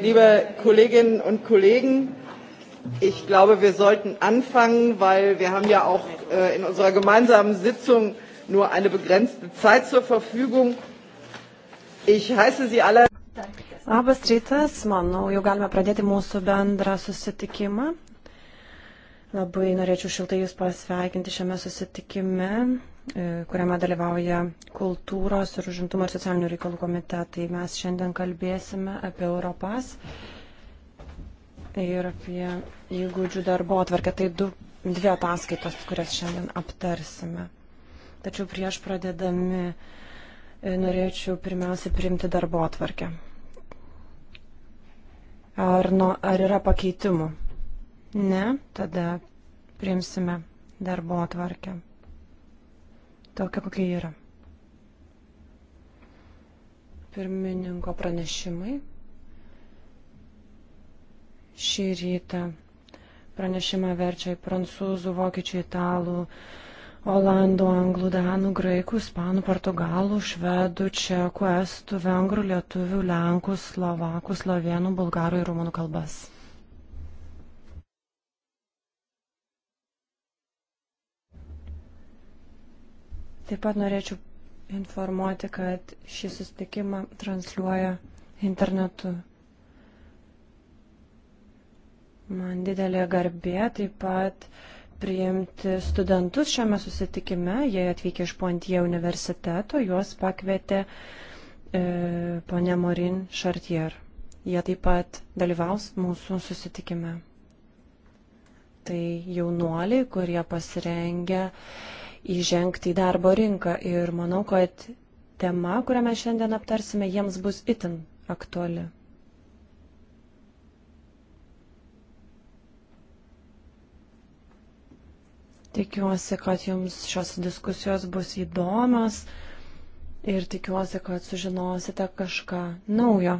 Liebe Kolleginnen und Kollegen, ich glaube, wir sollten anfangen, weil wir haben ja auch äh, in unserer gemeinsamen Sitzung nur eine begrenzte Zeit zur Verfügung. Ich heiße Sie alle. Labas rytas, manau, jau galime pradėti mūsų bendrą susitikimą. Labai norėčiau šiltai Jūs pasveikinti šiame susitikime. E, kuriame dalyvauja kultūros ir užimtumo ir socialinių reikalų komitetai. Mes šiandien kalbėsime apie Europas ir apie įgūdžių darbo atvarkę. Tai du, dvi ataskaitos, kurias šiandien aptarsime. Tačiau prieš pradedami e, norėčiau pirmiausia priimti darbo atvarkę. Ar, nu, ar yra pakeitimų? Ne, tada priimsime darbo atvarkę tokia, kokia yra. Pirmininko pranešimai. Šį rytą pranešimą verčia į prancūzų, vokiečių, italų, olandų, anglų, danų, graikų, ispanų, portugalų, švedų, čekų, estų, vengrų, lietuvių, lenkų, slovakų, slovenų, bulgarų ir rumunų kalbas. Taip pat norėčiau informuoti, kad šį susitikimą transliuoja internetu. Man didelė garbė taip pat priimti studentus šiame susitikime. Jie atvykę iš Pontie universiteto, juos pakvietė e, ponė Morin Chartier. Jie taip pat dalyvaus mūsų susitikime. Tai jaunuoliai, kurie pasirengia e, įžengti į darbo rinką. Ir manau, kad tema, kurią mes šiandien aptarsime, jiems bus itin aktuali. Tikiuosi, kad jums šios diskusijos bus įdomios ir tikiuosi, kad sužinosite kažką naujo.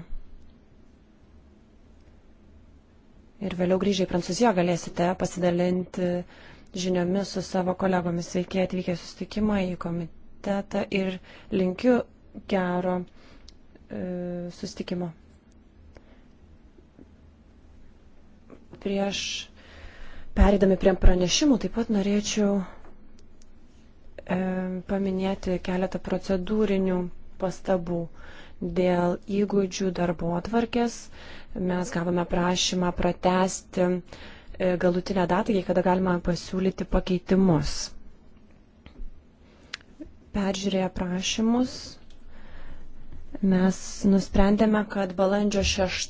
Ir vėliau grįžę į Prancūziją galėsite pasidalinti uh, žiniomis su savo kolegomis. Sveiki atvykę susitikimą į komitetą ir linkiu gero e, susitikimo. Prieš perėdami prie pranešimų taip pat norėčiau e, paminėti keletą procedūrinių pastabų. Dėl įgūdžių darbo atvarkės mes gavome prašymą pratesti e, E, galutinę datą, kiek kada galima pasiūlyti pakeitimus. Peržiūrėję prašymus, mes nusprendėme, kad balandžio 6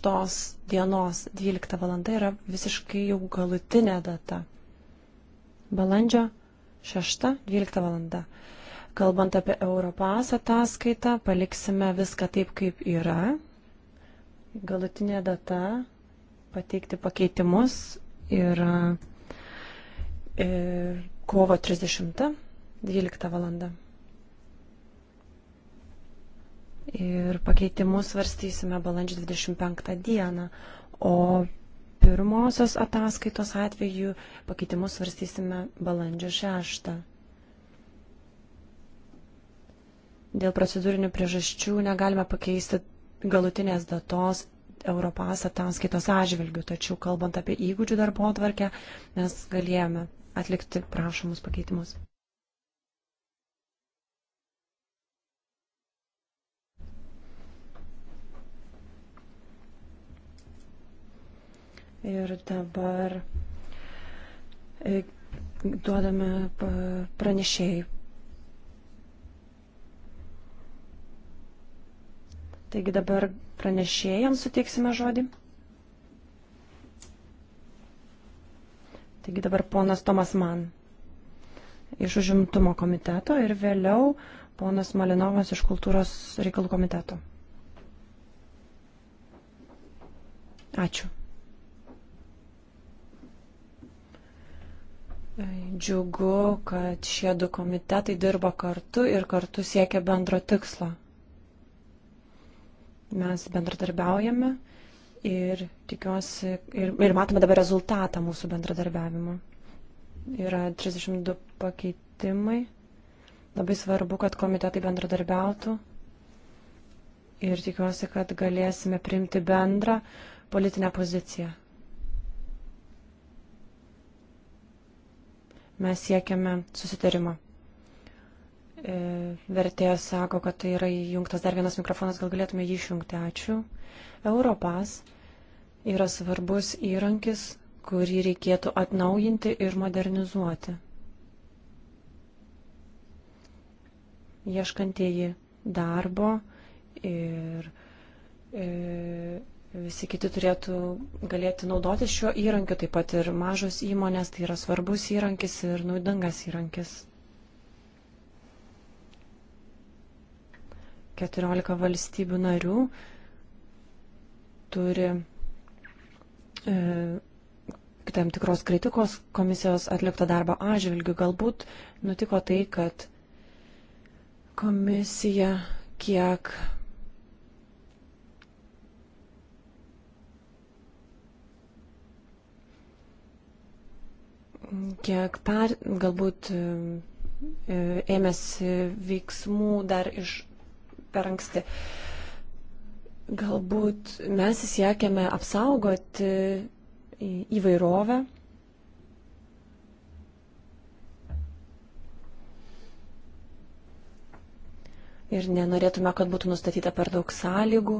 dienos 12 valanda yra visiškai jau galutinė data. Balandžio 6-12 valanda. Kalbant apie Europas ataskaitą, paliksime viską taip, kaip yra. Galutinė data pateikti pakeitimus yra e, kovo 30, 12 valanda. Ir pakeitimus svarstysime balandžio 25 dieną, o pirmosios ataskaitos atveju pakeitimus svarstysime balandžio 6. Dėl procedūrinių priežasčių negalime pakeisti galutinės datos Europas ataskaitos atžvilgių, tačiau kalbant apie įgūdžių darbo atvarkę, mes galėjome atlikti prašomus pakeitimus. Ir dabar e, duodame pranešėjai Taigi dabar Pranešėjams suteiksime žodį. Taigi dabar ponas Tomas Mann iš užimtumo komiteto ir vėliau ponas Malinovas iš kultūros reikalų komiteto. Ačiū. Džiugu, kad šie du komitetai dirba kartu ir kartu siekia bendro tikslo. Mes bendradarbiaujame ir tikiuosi, ir, ir matome dabar rezultatą mūsų bendradarbiavimo. Yra 32 pakeitimai. Labai svarbu, kad komitetai bendradarbiautų. Ir tikiuosi, kad galėsime priimti bendrą politinę poziciją. Mes siekiame susitarimą. E, vertėjas sako, kad tai yra įjungtas dar vienas mikrofonas, gal galėtume jį išjungti. Ačiū. Europas yra svarbus įrankis, kurį reikėtų atnaujinti ir modernizuoti. Ieškantieji darbo ir e, visi kiti turėtų galėti naudotis šiuo įrankiu, taip pat ir mažos įmonės, tai yra svarbus įrankis ir naudingas įrankis. 14 valstybių narių turi e, tam tikros kritikos komisijos atlikto darbo atžvilgių. Galbūt nutiko tai, kad komisija kiek kiek per, galbūt e, ėmėsi veiksmų dar iš per anksti. Galbūt mes siekiame apsaugoti įvairovę. Ir nenorėtume, kad būtų nustatyta per daug sąlygų.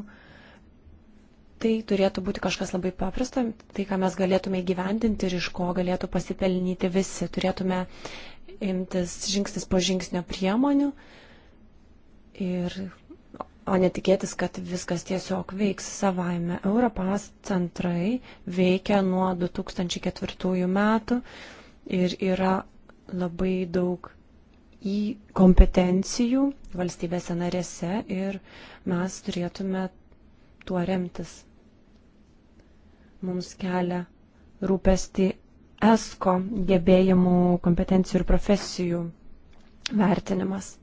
Tai turėtų būti kažkas labai paprasto, tai ką mes galėtume įgyvendinti ir iš ko galėtų pasipelnyti visi. Turėtume imtis žingsnis po žingsnio priemonių, uh, Ir, o netikėtis, kad viskas tiesiog veiks savaime. Europas centrai veikia nuo 2004 metų ir yra labai daug į kompetencijų valstybėse narėse ir mes turėtume tuo remtis. Mums kelia rūpesti ESCO gebėjimų, kompetencijų ir profesijų vertinimas.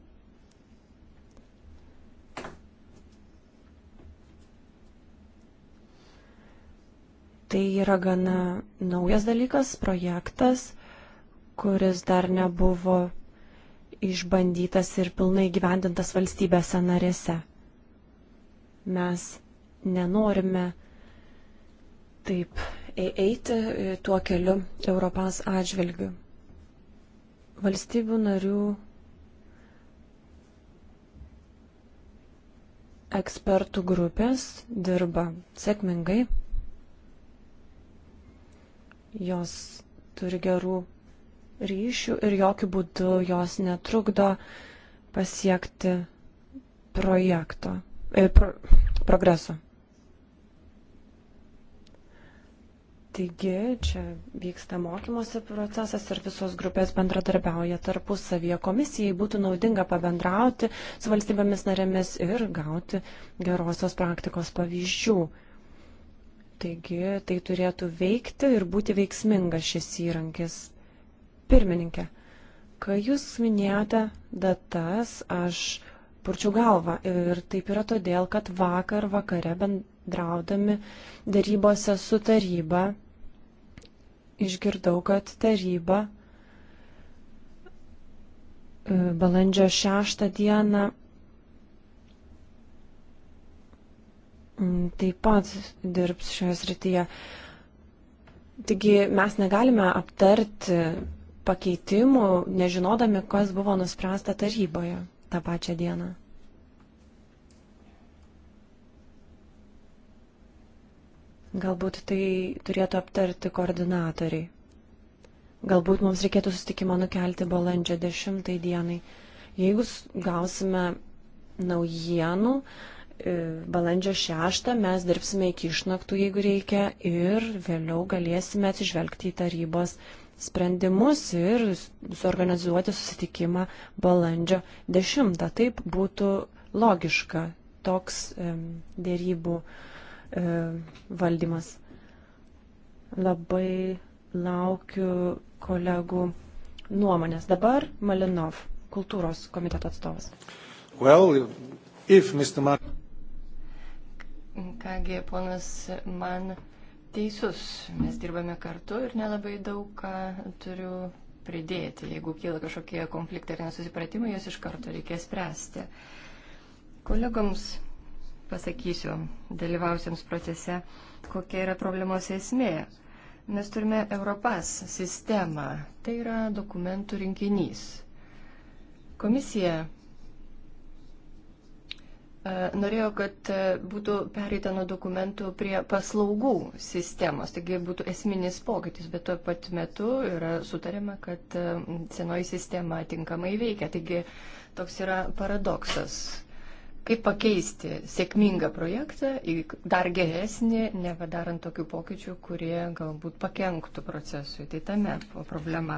Tai yra gana naujas dalykas, projektas, kuris dar nebuvo išbandytas ir pilnai gyvendintas valstybėse narėse. Mes nenorime taip eiti tuo keliu Europos atžvilgiu. Valstybių narių ekspertų grupės dirba sėkmingai jos turi gerų ryšių ir jokių būdų jos netrukdo pasiekti projekto, e, pro, progreso. Taigi, čia vyksta mokymosi procesas ir visos grupės bendradarbiauja tarpusavyje. Komisijai būtų naudinga pabendrauti su valstybėmis narėmis ir gauti gerosios praktikos pavyzdžių. Taigi tai turėtų veikti ir būti veiksmingas šis įrankis. Pirmininkė, kai jūs minėjote datas, aš purčiau galvą ir taip yra todėl, kad vakar vakare bendraudami darybose su taryba išgirdau, kad taryba e, balandžio 6 dieną taip pat dirbs šioje srityje. Taigi mes negalime aptarti pakeitimų, nežinodami, kas buvo nuspręsta taryboje tą pačią dieną. Galbūt tai turėtų aptarti koordinatoriai. Galbūt mums reikėtų sustikimo nukelti balandžio 10 dienai. Jeigu gausime naujienų, uh, E, balandžio 6 mes dirbsime iki išnaktų, jeigu reikia, ir vėliau galėsime atsižvelgti į tarybos sprendimus ir suorganizuoti susitikimą balandžio 10. Taip būtų logiška toks e, dėrybų e, valdymas. Labai laukiu kolegų nuomonės. Dabar Malinov, kultūros komiteto atstovas. Well, Mar Kągi, ponas man teisus, mes dirbame kartu ir nelabai daug ką turiu pridėti. Jeigu kyla kažkokie konfliktai ar nesusipratimai, juos iš karto reikės spręsti. Kolegoms pasakysiu, dalyvausiams procese, kokia yra problemos esmė. Mes turime Europas sistemą, tai yra dokumentų rinkinys. Komisija E, norėjo, kad e, būtų pereita nuo dokumentų prie paslaugų sistemos, taigi būtų esminis pokytis, bet tuo pat metu yra sutarima, kad e, senoji sistema tinkamai veikia, taigi toks yra paradoksas. Kaip pakeisti sėkmingą projektą į dar geresnį, nepadarant tokių pokyčių, kurie galbūt pakenktų procesui. Tai tame problema.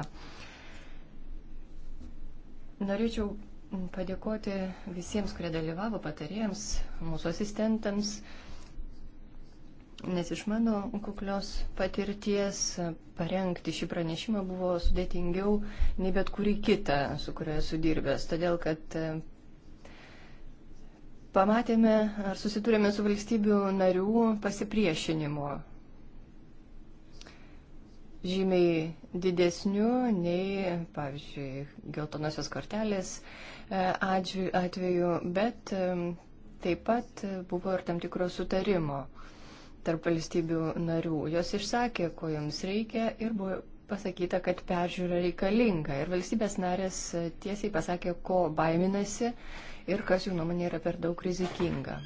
Norėčiau padėkoti visiems, kurie dalyvavo, patarėjams, mūsų asistentams, nes iš mano kuklios patirties parengti šį pranešimą buvo sudėtingiau nei bet kurį kitą, su kuriuo esu dirbęs, todėl kad e, pamatėme ar susidūrėme su valstybių narių pasipriešinimo žymiai didesniu nei, pavyzdžiui, geltonosios kortelės E, atveju, bet e, taip pat buvo ir tam tikro sutarimo tarp valstybių narių. Jos išsakė, ko joms reikia ir buvo pasakyta, kad peržiūra reikalinga. Ir valstybės narės e, tiesiai pasakė, ko baiminasi ir kas jų nuomonė yra per daug rizikinga.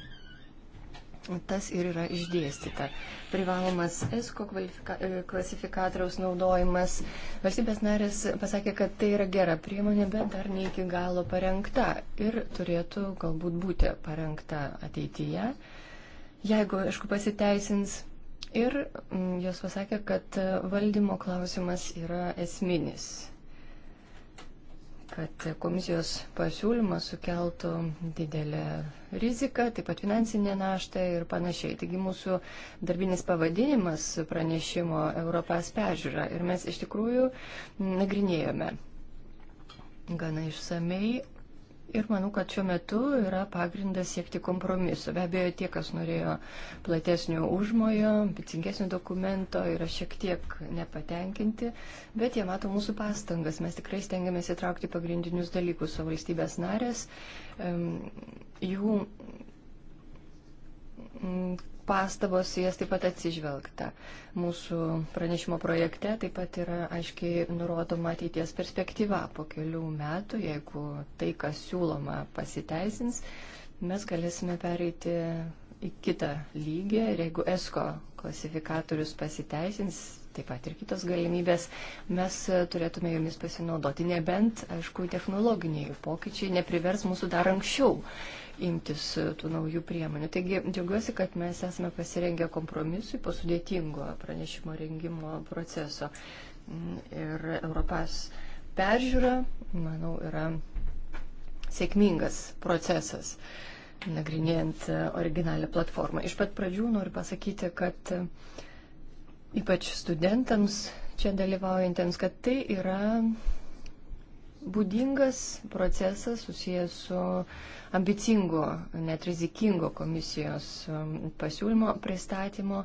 Tas ir yra išdėstyta. Privalomas ESCO e, klasifikatoriaus naudojimas. Valstybės narės pasakė, kad tai yra gera priemonė, bet dar ne iki galo parengta ir turėtų galbūt būti parengta ateityje, jeigu, aišku, pasiteisins. Ir mm, jos pasakė, kad valdymo klausimas yra esminis kad komisijos pasiūlymas sukeltų didelę riziką, taip pat finansinę naštą ir panašiai. Taigi mūsų darbinis pavadinimas pranešimo Europas peržiūra ir mes iš tikrųjų nagrinėjome gana išsamei Ir manau, kad šiuo metu yra pagrindas siekti kompromisu. Be abejo, tie, kas norėjo platesnio užmojo, ambicingesnio dokumento, yra šiek tiek nepatenkinti, bet jie mato mūsų pastangas. Mes tikrai stengiamės įtraukti pagrindinius dalykus, o valstybės narės, jų pastabos, jas taip pat atsižvelgta. Mūsų pranešimo projekte taip pat yra aiškiai nurodoma ateities perspektyva. Po kelių metų, jeigu tai, kas siūloma, pasiteisins, mes galėsime pereiti į kitą lygį ir jeigu ESCO klasifikatorius pasiteisins, taip pat ir kitos galimybės, mes turėtume jomis pasinaudoti. Nebent, aišku, technologiniai pokyčiai neprivers mūsų dar anksčiau imtis e, tų naujų priemonių. Taigi džiaugiuosi, kad mes esame pasirengę kompromisui po sudėtingo pranešimo rengimo proceso. Mm, ir Europas peržiūra, manau, yra sėkmingas procesas, nagrinėjant e, originalią platformą. Iš pat pradžių noriu pasakyti, kad e, ypač studentams čia dalyvaujantiems, kad tai yra būdingas procesas susijęs su ambicingo, net rizikingo komisijos um, pasiūlymo pristatymo,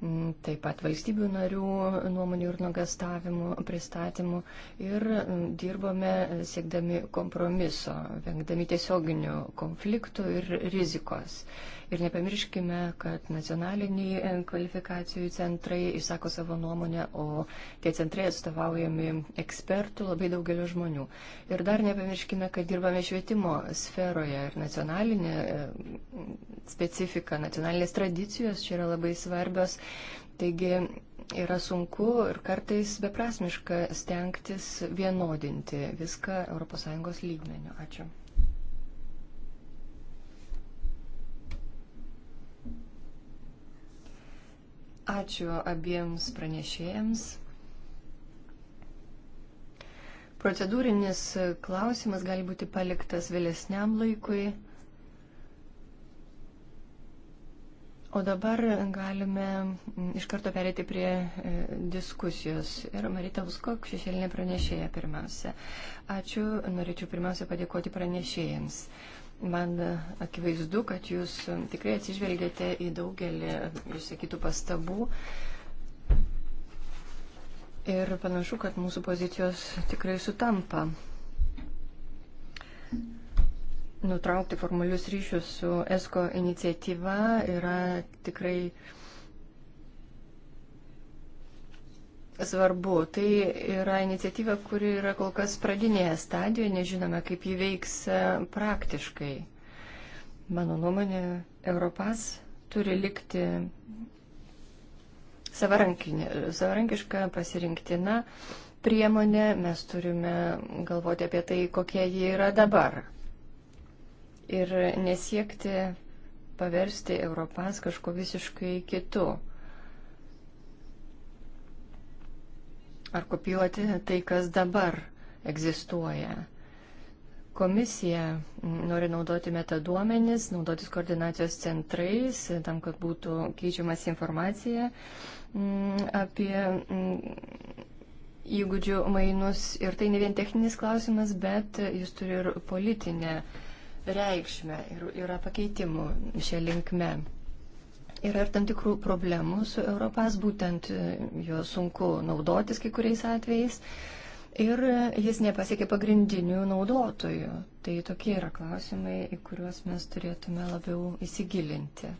mm, taip pat valstybių narių nuomonių ir nuogastavimų pristatymų ir mm, dirbome siekdami kompromiso, vengdami tiesioginių konfliktų ir rizikos. Ir nepamirškime, kad nacionaliniai e, kvalifikacijų centrai išsako savo nuomonę, o tie centrai atstovaujami ekspertų labai daugelio žmonių. Ir dar nepamirškime, kad dirbame švietimo sferoje ir nacionalinė e, specifika, nacionalinės tradicijos čia yra labai svarbios. Taigi yra sunku ir kartais beprasmiška stengtis vienodinti viską ES lygmeniu. Ačiū. Ačiū abiems pranešėjams. Procedūrinis klausimas gali būti paliktas vėlesniam laikui. O dabar galime iš karto perėti prie e, diskusijos. Ir Marita Uskok, šešėlinė pranešėja pirmiausia. Ačiū, norėčiau pirmiausia padėkoti pranešėjams. Man akivaizdu, kad jūs tikrai atsižvelgėte į daugelį išsakytų pastabų. Ir panašu, kad mūsų pozicijos tikrai sutampa. Nutraukti formalius ryšius su ESCO iniciatyva yra tikrai svarbu. Tai yra iniciatyva, kuri yra kol kas pradinėje stadijoje, nežinome, kaip ji veiks e, praktiškai. Mano nuomonė, Europas turi likti savarankiška pasirinktina priemonė, mes turime galvoti apie tai, kokie jie yra dabar. Ir nesiekti paversti Europas kažko visiškai kitu. Ar kopijuoti tai, kas dabar egzistuoja. Komisija nori naudoti metaduomenis, naudotis koordinacijos centrais, tam, kad būtų keičiamas informacija mm, apie mm, įgūdžių mainus. Ir tai ne vien techninis klausimas, bet jis turi ir politinę reikšmę ir yra pakeitimų šią linkmę. Yra ir tam tikrų problemų su Europas, būtent jo sunku naudotis kai kuriais atvejais ir jis nepasiekė pagrindinių naudotojų. Tai tokie yra klausimai, į kuriuos mes turėtume labiau įsigilinti.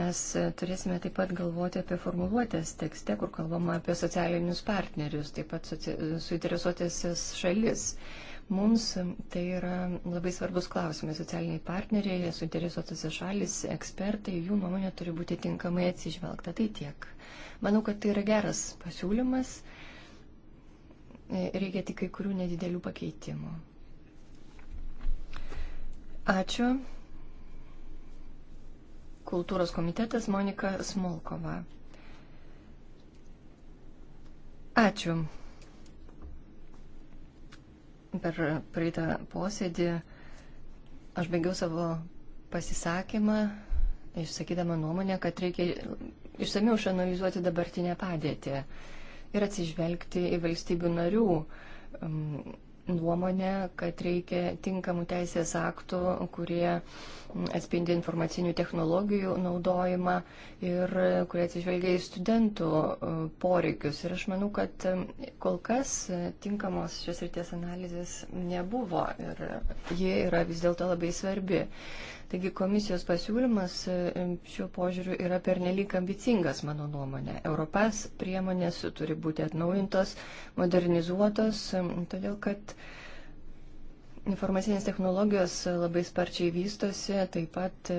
Mes turėsime taip pat galvoti apie formuluotės tekste, kur kalbama apie socialinius partnerius, taip pat suinteresuotėsis šalis. Mums tai yra labai svarbus klausimai. Socialiniai partneriai, suinteresuotasis šalis, ekspertai, jų nuomonė turi būti tinkamai atsižvelgta. Tai tiek. Manau, kad tai yra geras pasiūlymas E, reikia tik kai kurių nedidelių pakeitimų. Ačiū. Kultūros komitetas Monika Smolkova. Ačiū. Per praeitą posėdį aš baigiau savo pasisakymą, išsakydama nuomonę, kad reikia išsamiau išanalizuoti dabartinę padėtį ir atsižvelgti į valstybių narių um, nuomonę, kad reikia tinkamų teisės aktų, kurie mm, atspindi informacinių technologijų naudojimą ir uh, kurie atsižvelgia į studentų uh, poreikius. Ir aš manau, kad um, kol kas uh, tinkamos šios ryties analizės nebuvo ir ji yra vis dėlto labai svarbi. Taigi komisijos pasiūlymas e, šiuo požiūriu yra pernelyg ambicingas, mano nuomonė. Europas priemonės turi būti atnaujintos, modernizuotos, e, todėl kad informacinės technologijos labai sparčiai vystosi, taip pat e,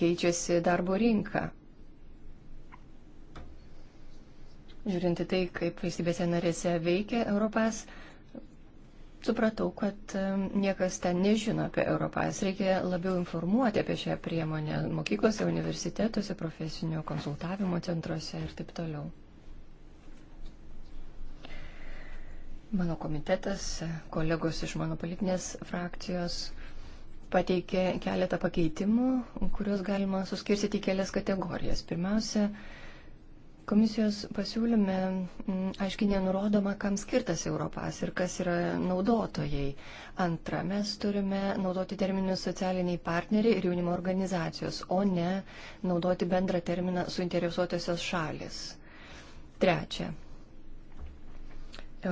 keičiasi darbo rinka. Žiūrinti tai, kaip valstybėse narėse veikia Europas, supratau, kad niekas ten nežino apie Europas. Reikia labiau informuoti apie šią priemonę mokyklose, universitetuose, profesinio konsultavimo centruose ir taip toliau. Mano komitetas, kolegos iš mano politinės frakcijos pateikė keletą pakeitimų, kuriuos galima suskirstyti į kelias kategorijas. Pirmiausia, Komisijos pasiūlyme mm, aiškiai nenurodoma, kam skirtas Europas ir kas yra naudotojai. Antra, mes turime naudoti terminus socialiniai partneriai ir jaunimo organizacijos, o ne naudoti bendrą terminą suinteresuotosios šalis. Trečia,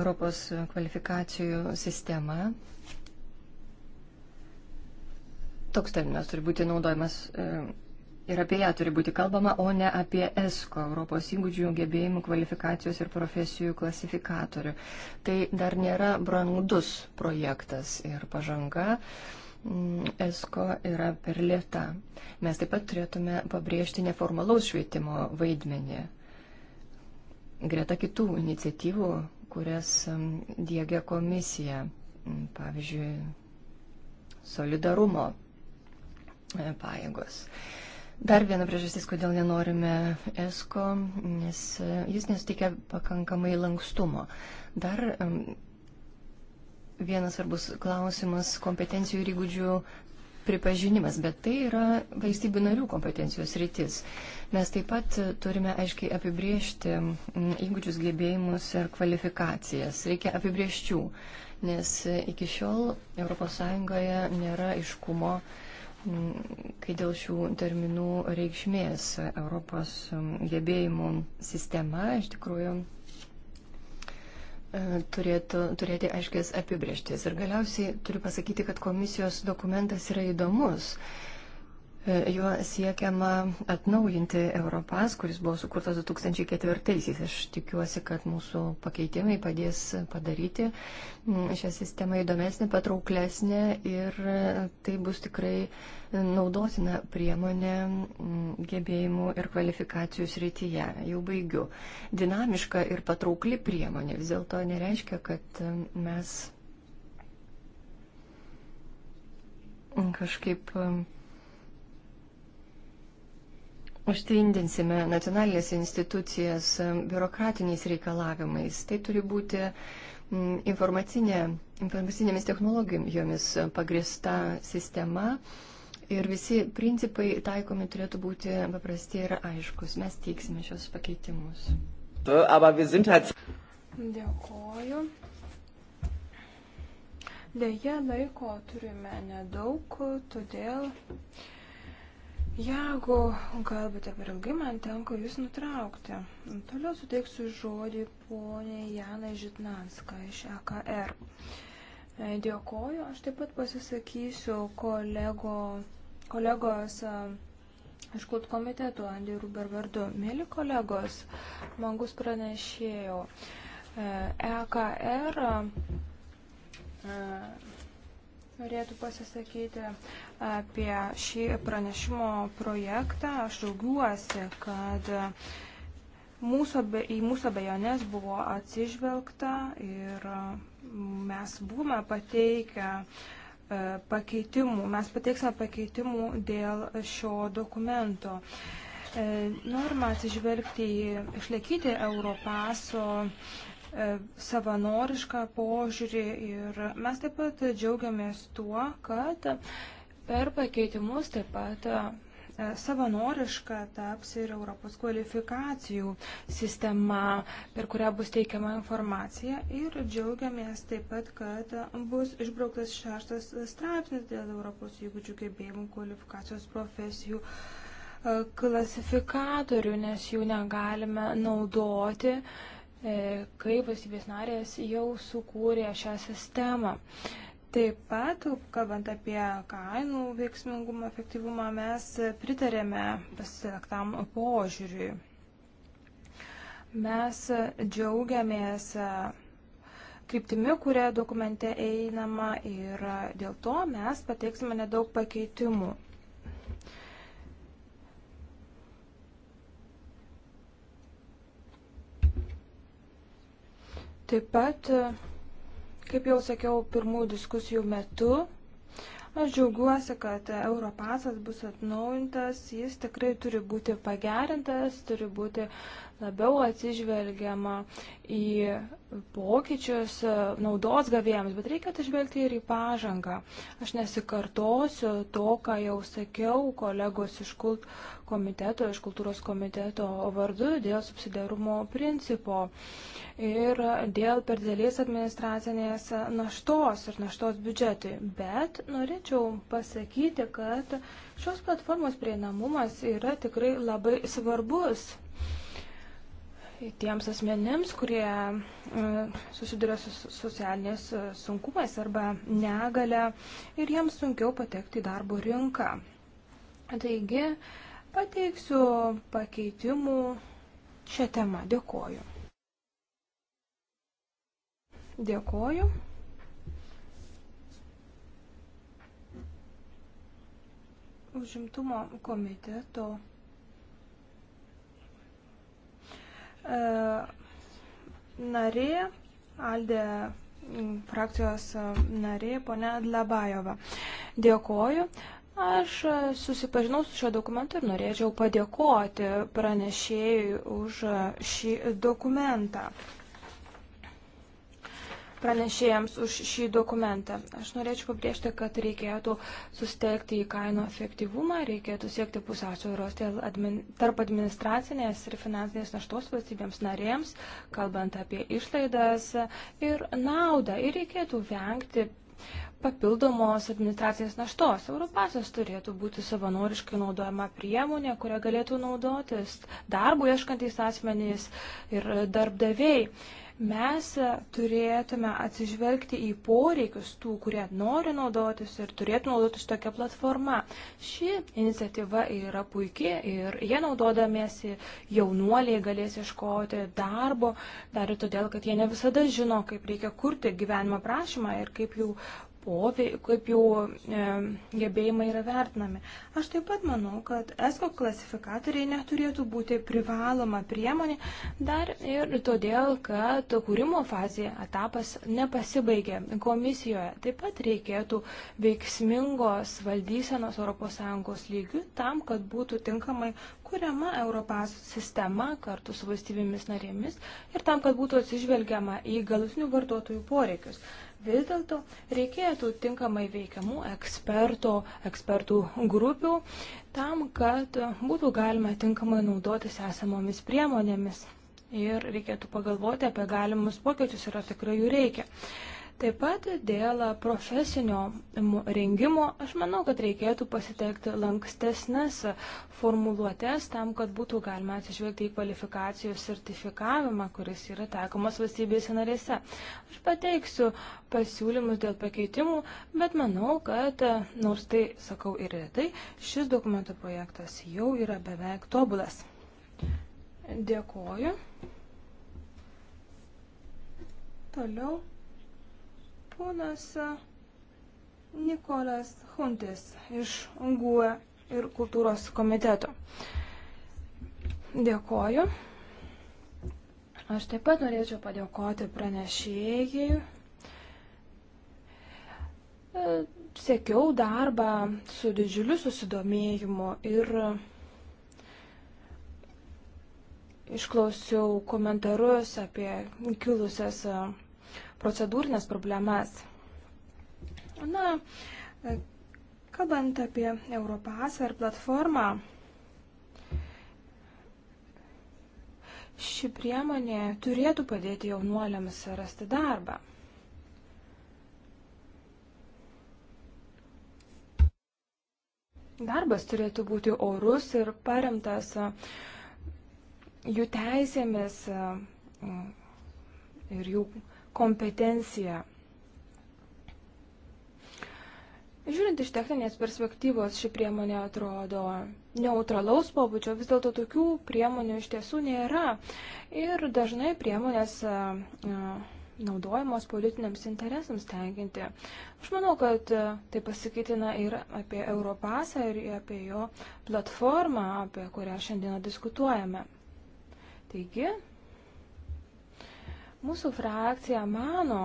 Europos kvalifikacijų sistema. Toks terminas turi būti naudojamas. E, Ir apie ją turi būti kalbama, o ne apie ESCO, Europos įgūdžių, gebėjimų, kvalifikacijos ir profesijų klasifikatorių. Tai dar nėra brandus projektas ir pažanga. Mm, ESCO yra per lėta. Mes taip pat turėtume pabrėžti neformalaus švietimo vaidmenį. Greta kitų iniciatyvų, kurias mm, diegia komisija, mm, pavyzdžiui, solidarumo e, pajėgos. Dar viena priežastis, kodėl nenorime ESCO, nes e, jis nesuteikia pakankamai lankstumo. Dar vienas svarbus klausimas - kompetencijų ir įgūdžių pripažinimas, bet tai yra valstybių narių kompetencijos rytis. Mes taip pat turime aiškiai apibriežti įgūdžius, gebėjimus ir kvalifikacijas. Reikia apibrieščių, nes e, iki šiol ES nėra iškumo kai dėl šių terminų reikšmės Europos um, gebėjimų sistema iš tikrųjų e, turėtų turėti aiškės apibrieštis. Ir galiausiai turiu pasakyti, kad komisijos dokumentas yra įdomus. Uh, E, juo siekiama atnaujinti Europas, kuris buvo sukurtas 2004-aisiais. Aš tikiuosi, kad mūsų pakeitimai padės padaryti šią sistemą įdomesnę, patrauklesnę ir tai bus tikrai naudotina priemonė gebėjimų ir kvalifikacijų srityje. Jau baigiu. Dinamiška ir patraukli priemonė vis dėlto nereiškia, kad mes kažkaip užtvindinsime nacionalinės institucijas e, biurokratiniais reikalavimais. Tai turi būti informacinė, informacinėmis technologijomis pagrista sistema ir visi principai taikomi turėtų būti paprasti ir aiškus. Mes teiksime šios pakeitimus. Dėkoju. Deja, laiko turime nedaug, todėl Jeigu galbūt ir per ilgai man tenka jūs nutraukti, toliau suteiksiu žodį ponė Jana Žitnanska iš EKR. Dėkoju, aš taip pat pasisakysiu kolego, kolegos iš kult komiteto Andy Ruber vardu. Mėly kolegos, mangus pranešėjau. EKR norėtų pasisakyti apie šį pranešimo projektą. Aš džiaugiuosi, kad mūsų, į mūsų abejonės buvo atsižvelgta ir mes buvome pateikę e, pakeitimų, mes pateiksime pakeitimų dėl šio dokumento. E, Norima atsižvelgti į išlaikyti Europaso E, savanorišką požiūrį ir mes taip pat džiaugiamės tuo, kad per pakeitimus taip pat e, savanoriška taps ir Europos kvalifikacijų sistema, per kurią bus teikiama informacija. Ir džiaugiamės taip pat, kad bus išbrauktas šeštas straipsnis dėl Europos įgūdžių gebėjimų kvalifikacijos profesijų e, klasifikatorių, nes jų negalime naudoti E, kai valstybės narės jau sukūrė šią sistemą. Taip pat, kalbant apie kainų veiksmingumą, efektyvumą, mes pritarėme pasiektam požiūriui. Mes džiaugiamės kryptimi, kuria dokumente einama ir dėl to mes pateiksime nedaug pakeitimų. Taip pat, kaip jau sakiau pirmų diskusijų metu, aš džiaugiuosi, kad Europasas bus atnaujintas, jis tikrai turi būti pagerintas, turi būti labiau atsižvelgiama į pokyčius e, naudos gavėjams, bet reikia atsižvelgti ir į pažangą. Aš nesikartosiu to, ką jau sakiau kolegos iš kult komiteto, iš kultūros komiteto vardu dėl subsidarumo principo ir dėl per dėlės administracinės naštos ir naštos biudžetui. Bet norėčiau pasakyti, kad šios platformos prieinamumas yra tikrai labai svarbus tiems asmenims, kurie e, susiduria su socialiniais e, sunkumais arba negale ir jiems sunkiau patekti į darbo rinką. Taigi, pateiksiu pakeitimų šią temą. Dėkoju. Dėkoju. Užimtumo komiteto E, narė, Aldė frakcijos e, narė, ponė Dlabajova. Dėkoju. Aš e, susipažinau su šio dokumentu ir norėčiau padėkoti pranešėjui už šį dokumentą pranešėjams už šį dokumentą. Aš norėčiau pabrėžti, kad reikėtų sustelkti į kainų efektyvumą, reikėtų siekti pusiausvėros admin, tarp administracinės ir finansinės naštos valstybėms narėms, kalbant apie išlaidas ir naudą. Ir reikėtų vengti papildomos administracinės naštos. Europasas turėtų būti savanoriškai naudojama priemonė, kurią galėtų naudotis darbų ieškantys asmenys ir darbdaviai. Mes turėtume atsižvelgti į poreikius tų, kurie nori naudotis ir turėtų naudotis tokią platformą. Ši iniciatyva yra puikia ir jie naudodamiesi jaunuoliai galės ieškoti darbo, dar ir todėl, kad jie ne visada žino, kaip reikia kurti gyvenimo prašymą ir kaip jų povei, kaip jų e, gebėjimai yra vertinami. Aš taip pat manau, kad ESCO klasifikatoriai neturėtų būti privaloma priemonė dar ir todėl, kad kūrimo fazėje etapas nepasibaigė komisijoje. Taip pat reikėtų veiksmingos valdysenos ES lygių tam, kad būtų tinkamai kuriama Europas sistema kartu su valstybėmis narėmis ir tam, kad būtų atsižvelgiama į galutinių vartotojų poreikius. Vis dėlto reikėtų tinkamai veikiamų eksperto, ekspertų grupių tam, kad būtų galima tinkamai naudotis esamomis priemonėmis. Ir reikėtų pagalvoti apie galimus pokyčius ir ar tikrai jų reikia. Taip pat dėl profesinio rengimo, aš manau, kad reikėtų pasitekti lankstesnės formuluotės tam, kad būtų galima atsižvelgti į kvalifikacijų sertifikavimą, kuris yra taikomas valstybėse narėse. Aš pateiksiu pasiūlymus dėl pakeitimų, bet manau, kad, nors tai sakau ir retai, šis dokumento projektas jau yra beveik tobulas. Dėkoju. Toliau ponas Nikolas Huntis iš GUE ir kultūros komiteto. Dėkoju. Aš taip pat norėčiau padėkoti pranešėjai. E, Sėkiau darbą su didžiuliu susidomėjimu ir išklausiau komentarus apie kilusias procedūrinės problemas. Na, e, kalbant apie Europasą ir platformą, ši priemonė turėtų padėti jaunuoliams rasti darbą. Darbas turėtų būti orus ir paremtas e, jų teisėmis e, ir jų kompetenciją. Žiūrint iš techninės perspektyvos, ši priemonė atrodo neutralaus pobūdžio, vis dėlto tokių priemonių iš tiesų nėra. Ir dažnai priemonės naudojamos politiniams interesams tenkinti. Aš manau, kad tai pasakytina ir apie Europasą, ir apie jo platformą, apie kurią šiandieną diskutuojame. Taigi, Mūsų frakcija mano,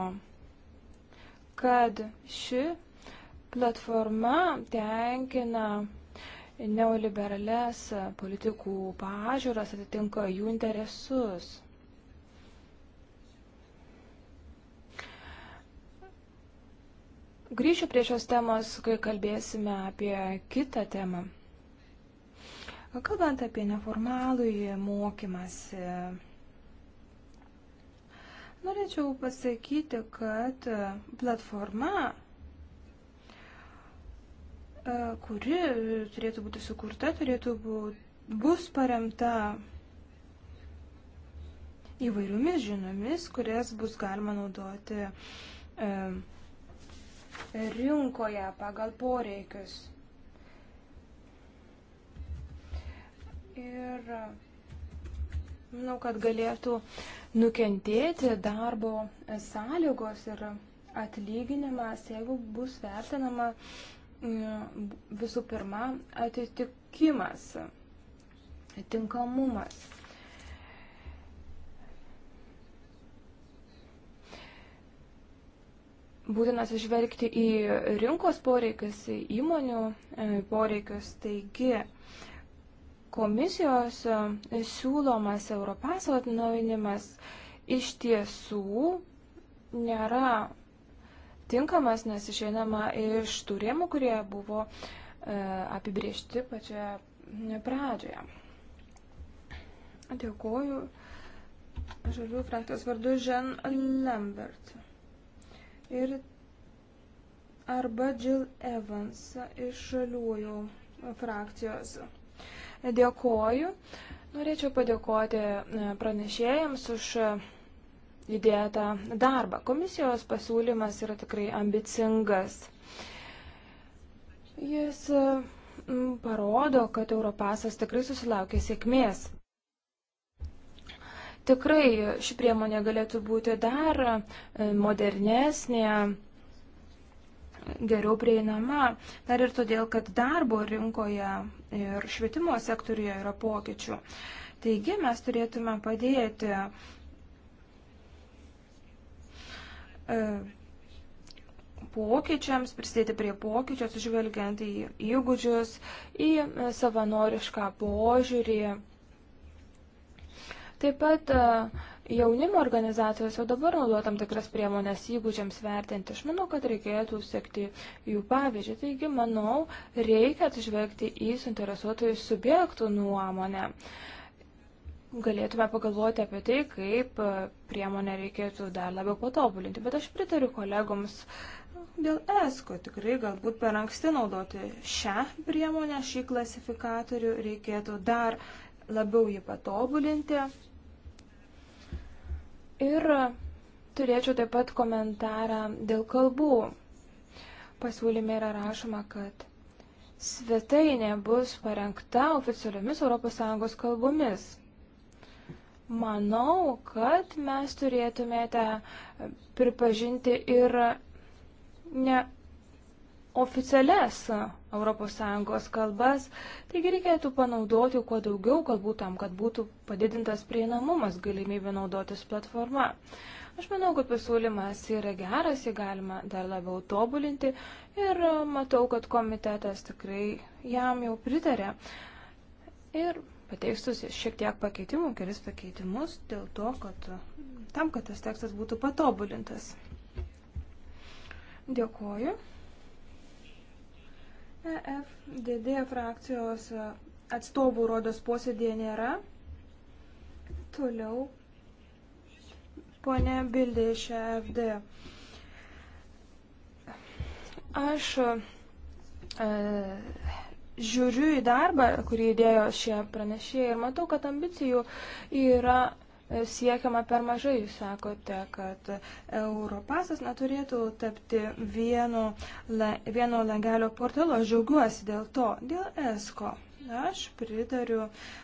kad ši platforma tenkina neoliberales politikų pažiūras, atitinka jų interesus. Grįšiu prie šios temos, kai kalbėsime apie kitą temą. Kalbant apie neformalųjį mokymąsi, Norėčiau pasakyti, kad e, platforma, e, kuri turėtų būti sukurta, turėtų būti, bus paremta įvairiomis žiniomis, kurias bus galima naudoti e, rinkoje pagal poreikius. Ir manau, kad galėtų nukentėti darbo sąlygos ir atlyginimas, jeigu bus vertinama mm, visų pirma atitikimas, tinkamumas. Būtina atsižvelgti į rinkos poreikius, į įmonių e, poreikius, taigi komisijos e, siūlomas Europaso atnaujinimas iš tiesų nėra tinkamas, nes išeinama iš tų rėmų, kurie buvo e, apibriežti pačioje pradžioje. Dėkuoju žalių frakcijos vardu Žen Lambert. Ir arba Jill Evans iš žaliųjų frakcijos. Dėkoju. Norėčiau padėkoti e, pranešėjams už e, įdėtą darbą. Komisijos pasiūlymas yra tikrai ambicingas. Jis e, parodo, kad Europasas tikrai susilaukė sėkmės. Tikrai ši priemonė galėtų būti dar modernesnė, geriau prieinama. Dar ir todėl, kad darbo rinkoje ir švietimo sektoriuje yra pokyčių. Taigi mes turėtume padėti e, pokyčiams, prisidėti prie pokyčių, atsižvelgiant į įgūdžius, į savanorišką požiūrį. Taip pat e, jaunimo organizacijos jau dabar naudoja tam tikras priemonės įgūdžiams vertinti. Aš manau, kad reikėtų sekti jų pavyzdžių. Taigi, manau, reikia atžvelgti į suinteresuotojų subjektų nuomonę. Galėtume pagalvoti apie tai, kaip priemonę reikėtų dar labiau patobulinti. Bet aš pritariu kolegoms dėl ESCO. Tikrai galbūt per anksti naudoti šią priemonę, šį klasifikatorių. Reikėtų dar labiau jį patobulinti Ir turėčiau taip pat komentarą dėl kalbų. Pasiūlyme yra rašoma, kad svetainė bus parengta oficialiomis ES kalbomis. Manau, kad mes turėtumėte pripažinti ir neoficialias ES kalbas, taigi reikėtų panaudoti kuo daugiau kalbų tam, kad būtų padidintas prieinamumas galimybė naudotis platforma. Aš manau, kad pasiūlymas yra geras, jį galima dar labiau tobulinti ir e, matau, kad komitetas tikrai jam jau pritarė. Ir pateiktus šiek tiek pakeitimų, kelis pakeitimus dėl to, kad e, tam, kad tas tekstas būtų patobulintas. Dėkuoju. EFDD frakcijos atstovų rodos posėdėje nėra. Toliau ponė Bildė iš EFD. Aš e, žiūriu į darbą, kurį įdėjo šie pranešėjai ir matau, kad ambicijų yra E, siekiama per mažai. Jūs sakote, kad Europasas neturėtų tapti vieno, le, vieno langelio portalo. Aš džiaugiuosi dėl to, dėl ESCO. Aš pritariu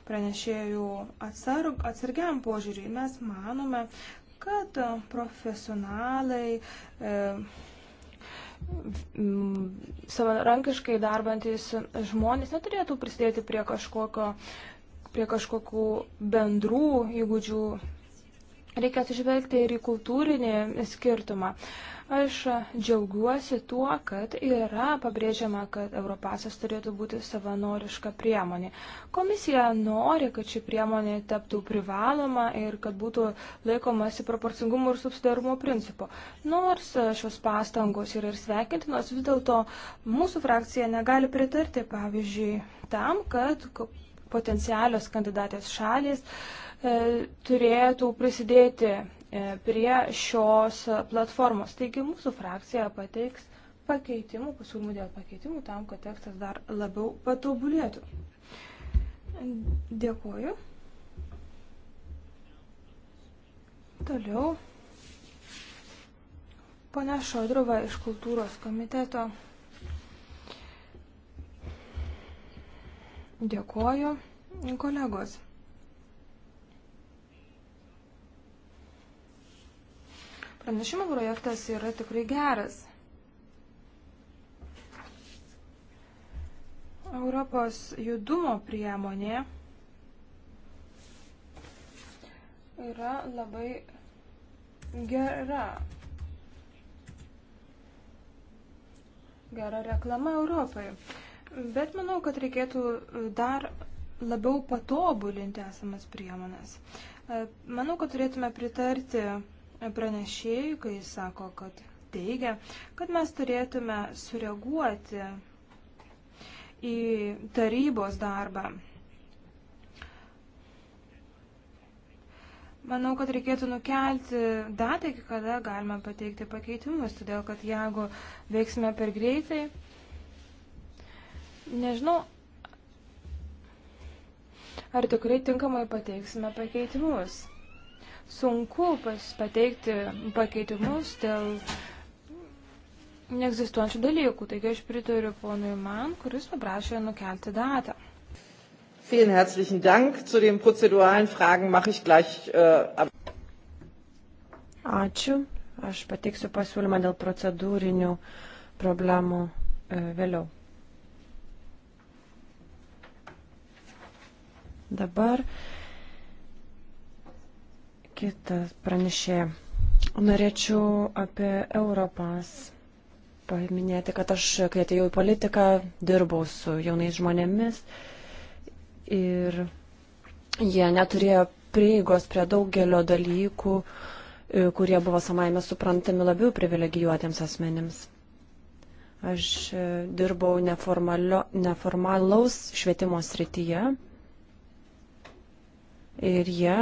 pranešėjų atsarg, atsargiam požiūriui. Mes manome, kad profesionalai. E, savarankiškai darbantis žmonės neturėtų prisidėti prie kažkokio prie kažkokių bendrų įgūdžių, reikia atsižvelgti ir į kultūrinį skirtumą. Aš džiaugiuosi tuo, kad yra pabrėžiama, kad Europasas turėtų būti savanoriška priemonė. Komisija nori, kad ši priemonė taptų privaloma ir kad būtų laikomasi proporcingumo ir subsidarumo principo. Nors šios pastangos yra ir sveikintinos, vis dėlto mūsų frakcija negali pritarti, pavyzdžiui, tam, kad potencialios kandidatės šalis e, turėtų prisidėti e, prie šios platformos. Taigi mūsų frakcija pateiks pakeitimų, pasiūlymų dėl pakeitimų tam, kad tekstas dar labiau patobulėtų. Dėkuoju. Toliau. Pone Šodrova iš kultūros komiteto. Dėkoju, kolegos. Pranešimo projektas yra tikrai geras. Europos judumo priemonė yra labai gera. Gera reklama Europai. Bet manau, kad reikėtų e, dar labiau patobulinti esamas priemonės. E, manau, kad turėtume pritarti pranešėjui, kai jis sako, kad teigia, kad mes turėtume sureaguoti į tarybos darbą. Manau, kad reikėtų nukelti datą, iki kada galima pateikti pakeitimus, todėl kad jeigu veiksime per greitai, Nežinau, ar tikrai tinkamai pateiksime pakeitimus. Sunku pateikti pakeitimus dėl neegzistuojančių dalykų. Taigi aš pritariu ponui man, kuris paprašė nukelti datą. Vielen herzlichen Dank. Zu den prozeduralen Fragen mache ich gleich äh, ab. Ačiū. Aš pateiksiu pasiūlymą dėl procedūrinių problemų e, vėliau. Dabar kitas pranešė. Norėčiau apie Europas paminėti, kad aš, kai atėjau į politiką, dirbau su jaunais žmonėmis ir jie neturėjo prieigos prie daugelio dalykų, e, kurie buvo samaime suprantami labiau privilegijuotiems asmenims. Aš e, dirbau neformalaus švietimo srityje ir jie,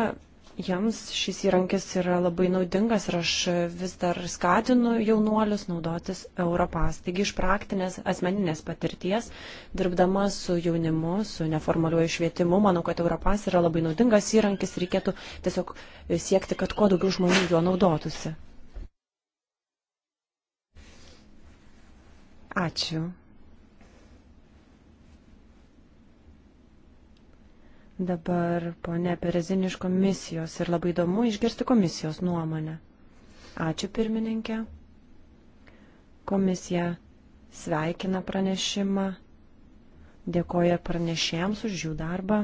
jiems šis įrankis yra labai naudingas ir aš vis dar skatinu jaunuolius naudotis Europas. Taigi iš praktinės asmeninės patirties, dirbdama su jaunimu, su neformaliuoju švietimu, manau, kad Europas yra labai naudingas įrankis, reikėtų tiesiog siekti, kad kuo daugiau žmonių juo naudotųsi. Ačiū. Dabar ponė Perezin iš komisijos ir labai įdomu išgirsti komisijos nuomonę. Ačiū pirmininkė. Komisija sveikina pranešimą, dėkoja pranešėjams už jų darbą.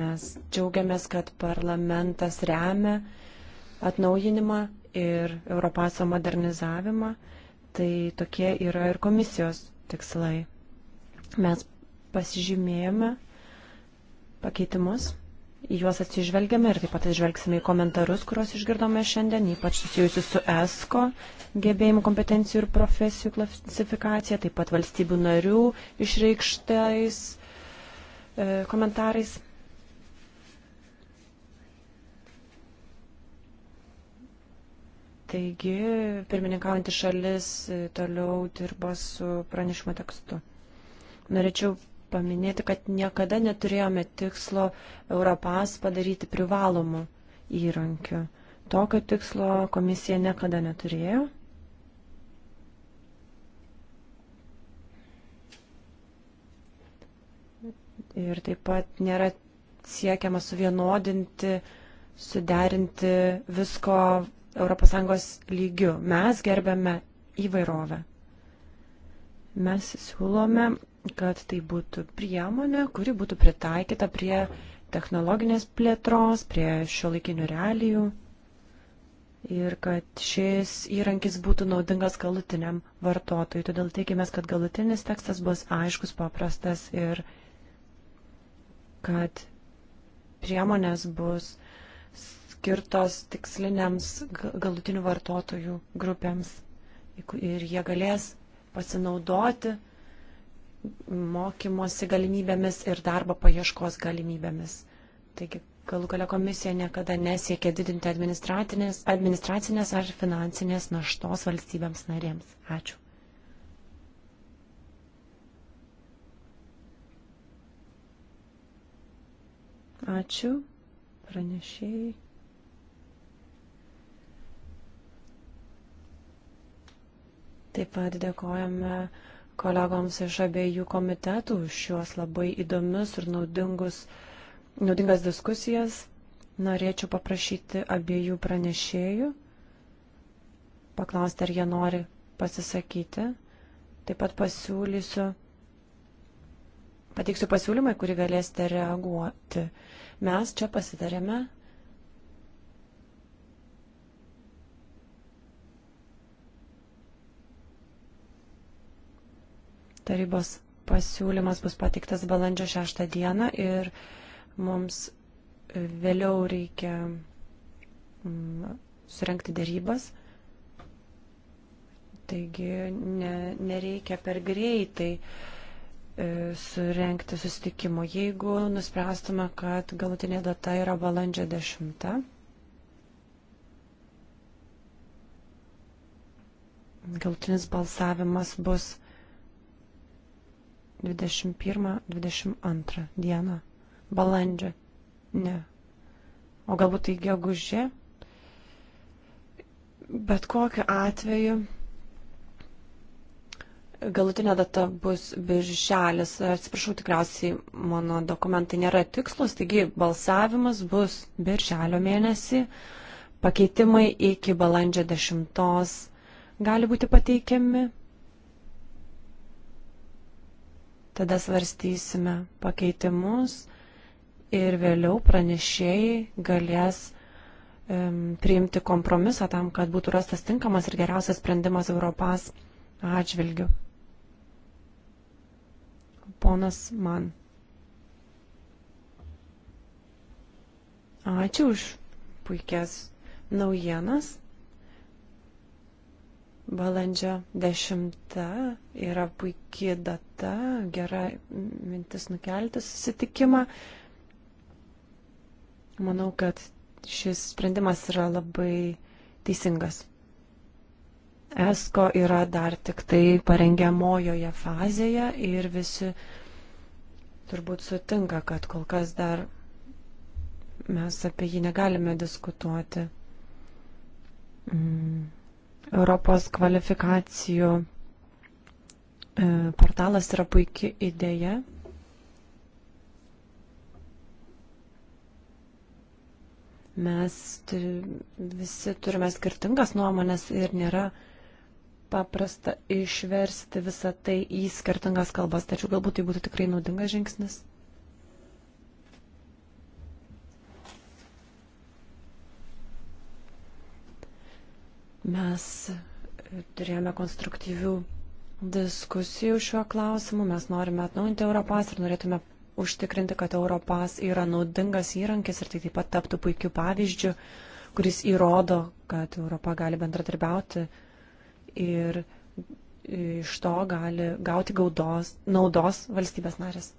Mes džiaugiamės, kad parlamentas remia atnaujinimą ir Europaso modernizavimą. Tai tokie yra ir komisijos tikslai. Mes pasižymėjome pakeitimus, į juos atsižvelgiame ir taip pat atsižvelgsime į komentarus, kuriuos išgirdome šiandien, ypač susijusius su ESCO gebėjimų kompetencijų ir profesijų klasifikacija, taip pat valstybių narių išreikštais e, komentarais. Taigi, pirmininkaujantis šalis e, toliau dirba su pranešimo tekstu. Norėčiau paminėti, kad niekada neturėjome tikslo Europas padaryti privalomų įrankių. Tokio tikslo komisija niekada neturėjo. Ir taip pat nėra siekiama suvienodinti, suderinti visko ES lygiu. Mes gerbiame įvairovę. Mes siūlome kad tai būtų priemonė, kuri būtų pritaikyta prie technologinės plėtros, prie šiuolaikinių realijų ir kad šis įrankis būtų naudingas galutiniam vartotojui. Todėl tikimės, kad galutinis tekstas bus aiškus, paprastas ir kad priemonės bus skirtos tiksliniams galutinių vartotojų grupėms ir jie galės pasinaudoti mokymosi galimybėmis ir darbo paieškos galimybėmis. Taigi galų gale komisija niekada nesiekia didinti administracinės, administracinės ar finansinės naštos valstybėms narėms. Ačiū. Ačiū pranešėjai. Taip pat dėkojame kolegoms iš abiejų komitetų šiuos labai įdomius ir naudingus, naudingas diskusijas. Norėčiau paprašyti abiejų pranešėjų, paklausti, ar jie nori pasisakyti. Taip pat pasiūlysiu, pateiksiu pasiūlymą, kurį galėsite reaguoti. Mes čia pasitarėme Tarybos pasiūlymas bus pateiktas balandžio 6 dieną ir mums e, vėliau reikia mm, surenkti dėrybas. Taigi ne, nereikia per greitai e, surenkti susitikimo. Jeigu nuspręstume, kad galutinė data yra balandžio 10, galutinis balsavimas bus 21-22 dieną. Balandžio. Ne. O galbūt tai gegužė. Bet kokiu atveju galutinė data bus birželis. Atsiprašau, tikriausiai mano dokumentai nėra tikslus, taigi balsavimas bus birželio mėnesį. Pakeitimai iki balandžio 10 gali būti pateikiami tada svarstysime pakeitimus ir vėliau pranešėjai galės um, priimti kompromisą tam, kad būtų rastas tinkamas ir geriausias sprendimas Europas atžvilgiu. Ponas man. Ačiū už puikias naujienas. Balandžio 10 yra puikiai data, gera mintis nukelti susitikimą. Manau, kad šis sprendimas yra labai teisingas. ESCO yra dar tik tai parengiamojoje fazėje ir visi turbūt sutinka, kad kol kas dar mes apie jį negalime diskutuoti. Mm. Europos kvalifikacijų e, portalas yra puikia idėja. Mes turi, visi turime skirtingas nuomonės ir nėra paprasta išversti visą tai į skirtingas kalbas, tačiau galbūt tai būtų tikrai naudingas žingsnis. Mes e, turėjome konstruktyvių diskusijų šiuo klausimu. Mes norime atnaujinti Europas ir norėtume užtikrinti, kad Europas yra naudingas įrankis ir tai taip pat taptų puikiu pavyzdžiu, kuris įrodo, kad Europa gali bendradarbiauti ir iš to gali gauti gaudos, naudos valstybės narės.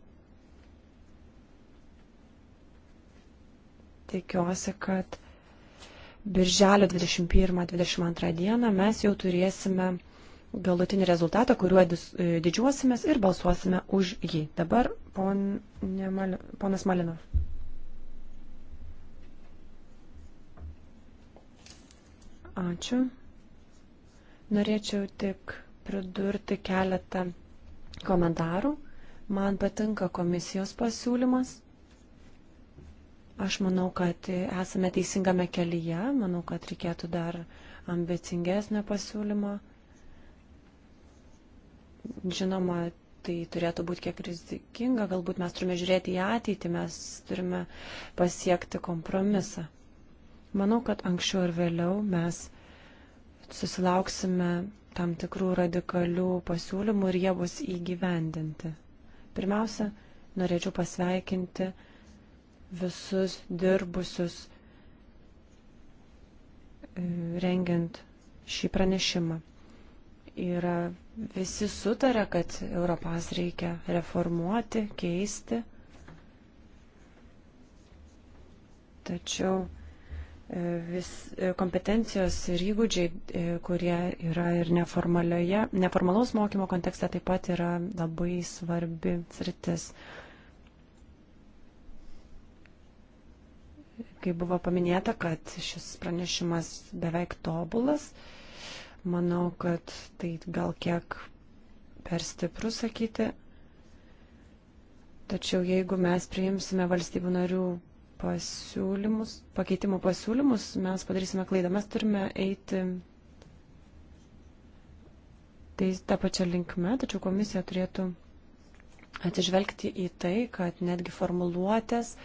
Tikiuosi, kad Birželio 21-22 dieną mes jau turėsime galutinį rezultatą, kuriuo e, didžiuosimės ir balsuosime už jį. Dabar pon, Mal, ponas Malinov. Ačiū. Norėčiau tik pridurti keletą komentarų. Man patinka komisijos pasiūlymas. Aš manau, kad esame teisingame kelyje, manau, kad reikėtų dar ambicingesnio pasiūlymo. Žinoma, tai turėtų būti kiek rizikinga, galbūt mes turime žiūrėti į ateitį, mes turime pasiekti kompromisą. Manau, kad anksčiau ir vėliau mes susilauksime tam tikrų radikalių pasiūlymų ir jie bus įgyvendinti. Pirmiausia, norėčiau pasveikinti uh, visus dirbusius e, rengiant šį pranešimą. Yra visi sutarė, kad Europas reikia reformuoti, keisti. Tačiau e, vis e, kompetencijos ir įgūdžiai, kurie yra ir neformalaus mokymo kontekste, taip pat yra labai svarbi sritis. kai buvo paminėta, kad šis pranešimas beveik tobulas, manau, kad tai gal kiek per stiprų sakyti. Tačiau jeigu mes priimsime valstybių narių pasiūlymus, pakeitimų pasiūlymus, mes padarysime klaidą. Mes turime eiti tai tą pačią linkmę, tačiau komisija turėtų atsižvelgti į tai, kad netgi formuluotės uh,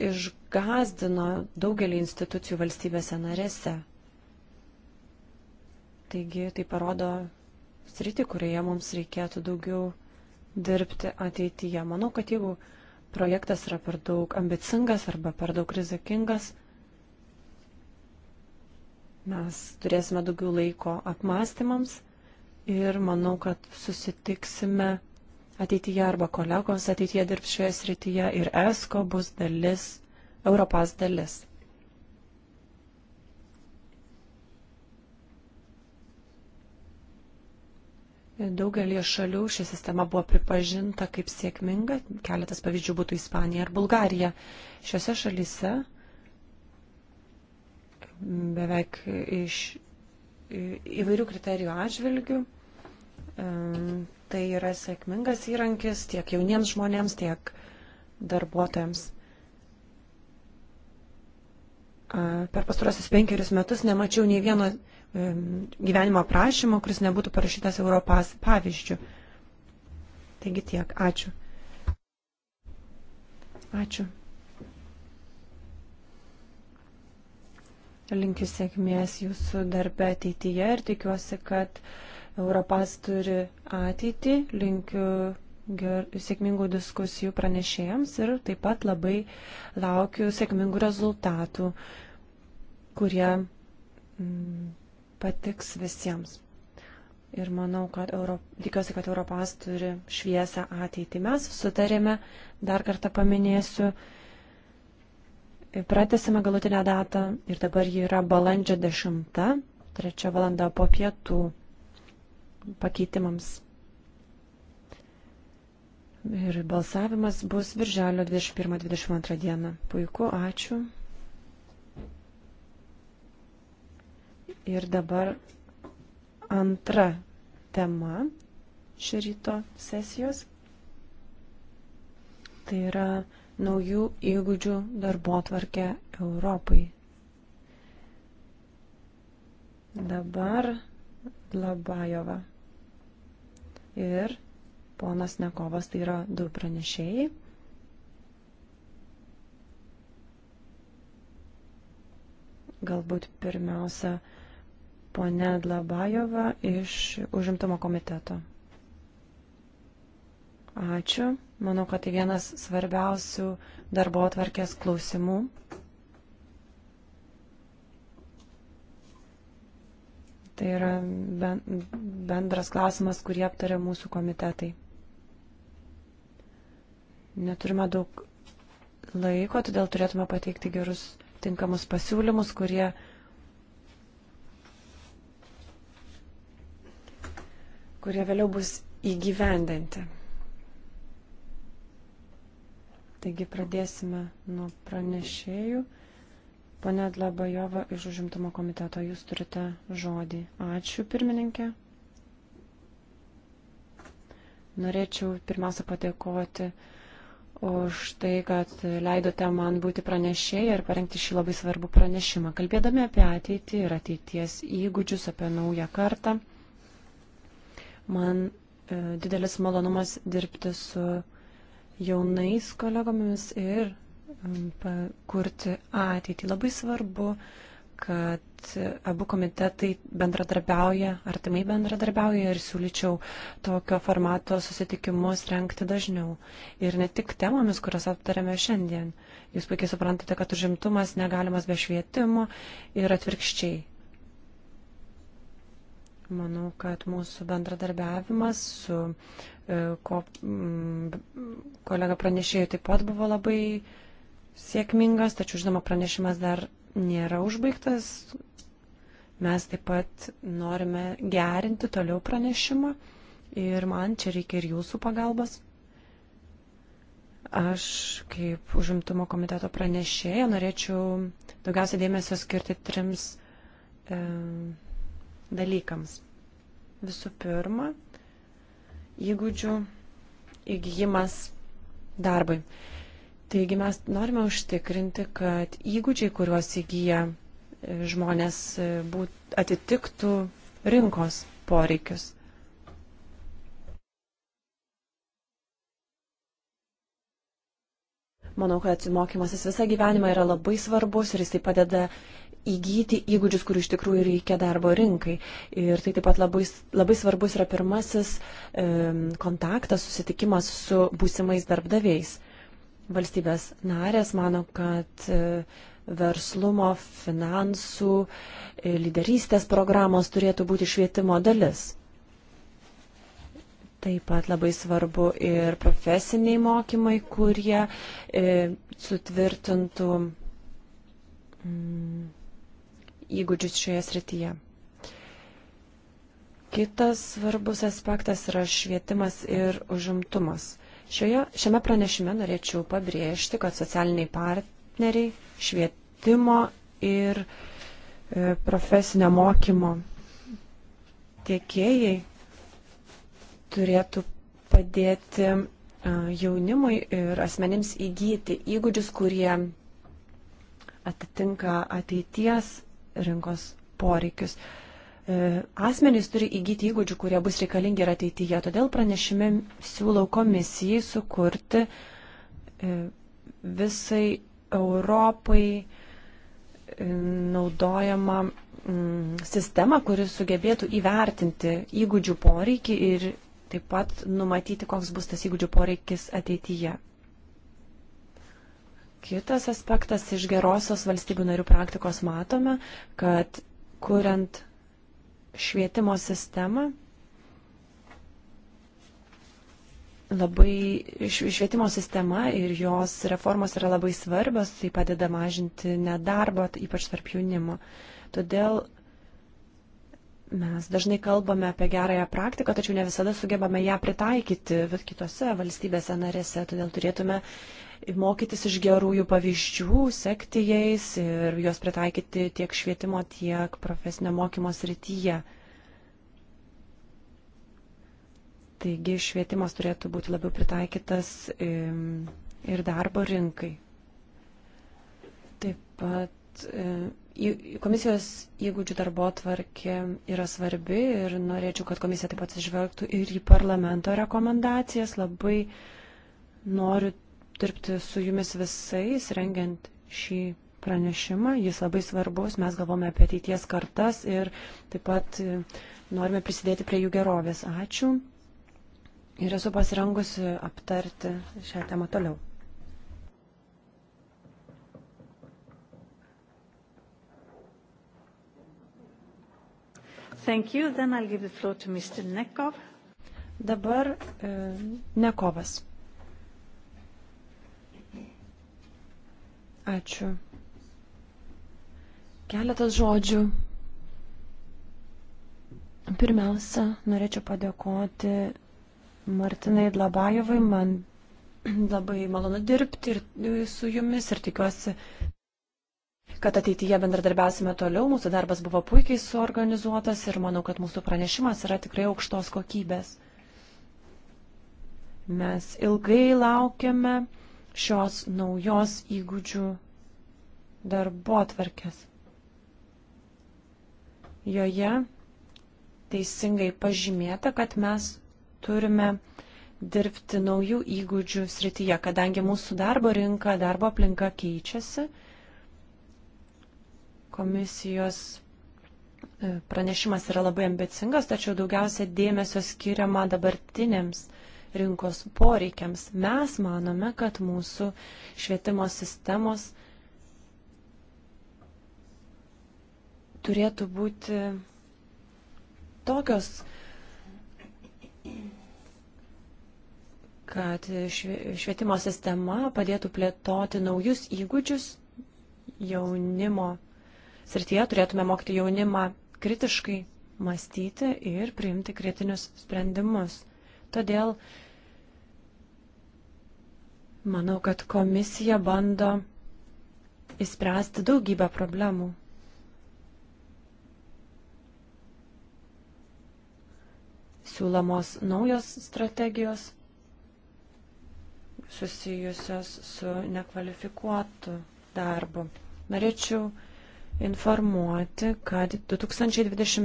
išgazdino daugelį institucijų valstybėse narėse. Taigi tai parodo sritį, kurioje mums reikėtų daugiau dirbti ateityje. Manau, kad jeigu projektas yra per daug ambicingas arba per daug rizikingas, mes turėsime daugiau laiko apmąstymams ir manau, kad susitiksime ateityje arba kolegos ateityje dirbs šioje srityje ir ESCO bus dalis, Europas dalis. Daugelį šalių ši sistema buvo pripažinta kaip sėkminga, keletas pavyzdžių būtų Ispanija ar Bulgarija. Šiuose šalyse beveik iš įvairių kriterijų atžvilgių tai yra sėkmingas įrankis tiek jauniems žmonėms, tiek darbuotojams. Per pastarosius penkerius metus nemačiau nei vieno gyvenimo aprašymo, kuris nebūtų parašytas Europas pavyzdžių. Taigi tiek. Ačiū. Ačiū. Linkiu sėkmės jūsų darbe ateityje ir tikiuosi, kad uh, Europas turi ateitį, linkiu ger, sėkmingų diskusijų pranešėjams ir taip pat labai laukiu sėkmingų rezultatų, kurie m, mm, patiks visiems. Ir manau, kad Europ... tikiuosi, kad Europas turi šviesą ateitį. Mes sutarėme, dar kartą paminėsiu, pratesime galutinę datą ir dabar ji yra balandžio 10, 3 valanda po pietų pakeitimams. Ir balsavimas bus virželio 21-22 dieną. Puiku, ačiū. Ir dabar antra tema šio ryto sesijos. Tai yra naujų įgūdžių darbo tvarkė Europai. Dabar Labajova ir ponas Nekovas, tai yra du pranešėjai. Galbūt pirmiausia, ponė Dlabajova iš užimtumo komiteto. Ačiū. Manau, kad tai vienas svarbiausių darbo atvarkės klausimų. Tai yra bendras klausimas, kurį aptarė mūsų komitetai. Neturime daug laiko, todėl turėtume pateikti gerus tinkamus pasiūlymus, kurie kurie vėliau bus įgyvendinti. Taigi pradėsime nuo pranešėjų. Pane Dlabajova iš užimtumo komiteto, jūs turite žodį. Ačiū, pirmininkė. Norėčiau pirmiausia padėkoti už tai, kad leidote man būti pranešėja ir parengti šį labai svarbų pranešimą. Kalbėdami apie ateitį ir ateities įgūdžius, apie naują kartą, man e, didelis malonumas dirbti su jaunais kolegomis ir kurti ateitį. Labai svarbu, kad abu komitetai bendradarbiauja, artimai bendradarbiauja ir siūlyčiau tokio formato susitikimus renkti dažniau. Ir ne tik temomis, kurias aptarėme šiandien. Jūs puikiai suprantate, kad užimtumas negalimas be švietimo ir atvirkščiai. Manau, kad mūsų bendradarbiavimas su e, ko, kolega pranešėjų taip pat buvo labai uh, sėkmingas, tačiau žinoma pranešimas dar nėra užbaigtas. Mes taip pat norime gerinti toliau pranešimą ir man čia reikia ir jūsų pagalbos. Aš kaip užimtumo komiteto pranešėja norėčiau daugiausia dėmesio skirti trims e, dalykams. Visų pirma, įgūdžių įgyjimas darbui. Taigi mes norime užtikrinti, kad įgūdžiai, kuriuos įgyja e, žmonės, e, būt, atitiktų rinkos poreikius. Manau, kad mokymasis visą gyvenimą yra labai svarbus ir jisai padeda įgyti įgūdžius, kurių iš tikrųjų reikia darbo rinkai. Ir tai taip pat labai, labai svarbus yra pirmasis e, kontaktas, susitikimas su būsimais darbdaviais. E, Valstybės narės mano, kad e, verslumo, finansų, e, lyderystės programos turėtų būti švietimo dalis. Taip pat labai svarbu ir profesiniai mokymai, kurie e, sutvirtintų mm, įgūdžius šioje srityje. Kitas svarbus aspektas yra švietimas ir užimtumas. Šioje, šiame pranešime norėčiau pabrėžti, kad socialiniai partneriai švietimo ir e, profesinio mokymo tiekėjai turėtų padėti e, jaunimui ir asmenims įgyti įgūdžius, kurie atitinka ateities rinkos poreikius. E, asmenys turi įgyti įgūdžių, kurie bus reikalingi ir ateityje. Todėl pranešime siūlau komisijai sukurti e, visai Europai e, naudojama mm, sistema, kuris sugebėtų įvertinti įgūdžių poreikį ir taip pat numatyti, koks bus tas įgūdžių poreikis ateityje. Kitas aspektas iš gerosios valstybių narių praktikos matome, kad kuriant švietimo sistemą. Labai švietimo sistema ir jos reformos yra labai svarbios, tai padeda mažinti nedarbą, ypač tarp jaunimo. Todėl mes dažnai kalbame apie gerąją praktiką, tačiau ne visada sugebame ją pritaikyti kitose valstybėse narėse, todėl turėtume mokytis iš gerųjų pavyzdžių, sekti jais ir juos pritaikyti tiek švietimo, tiek profesinio mokymo srityje. Taigi švietimas turėtų būti labiau pritaikytas ir darbo rinkai. Taip pat komisijos įgūdžių darbo tvarkė yra svarbi ir norėčiau, kad komisija taip pat atsižvelgtų ir į parlamento rekomendacijas. Labai noriu dirbti su jumis visais, rengiant šį pranešimą. Jis labai svarbus, mes galvome apie ateities kartas ir taip pat e, norime prisidėti prie jų gerovės. Ačiū ir esu pasirengusi aptarti šią temą toliau. Thank you. Then I'll give the floor to Mr. Nekov. Dabar e, Nekovas. Ačiū. Keletas žodžių. Pirmiausia, norėčiau padėkoti Martinai Dlabajovai. Man labai malonu dirbti ir su jumis ir tikiuosi, kad ateityje bendradarbiausime toliau. Mūsų darbas buvo puikiai suorganizuotas ir manau, kad mūsų pranešimas yra tikrai aukštos kokybės. Mes ilgai laukiame šios naujos įgūdžių darbo atvarkės. Joje teisingai pažymėta, kad mes turime dirbti naujų įgūdžių srityje, kadangi mūsų darbo rinka, darbo aplinka keičiasi. Komisijos e, pranešimas yra labai ambicingas, tačiau daugiausia dėmesio skiriama dabartinėms rinkos poreikiams. Mes manome, kad mūsų švietimo sistemos turėtų būti tokios, kad švietimo sistema padėtų plėtoti naujus įgūdžius jaunimo srityje, turėtume mokyti jaunimą kritiškai mąstyti ir priimti kritinius sprendimus. Todėl manau, kad komisija bando įspręsti daugybę problemų. Siūlomos naujos strategijos susijusios su nekvalifikuotu darbu. Norėčiau informuoti, kad 2025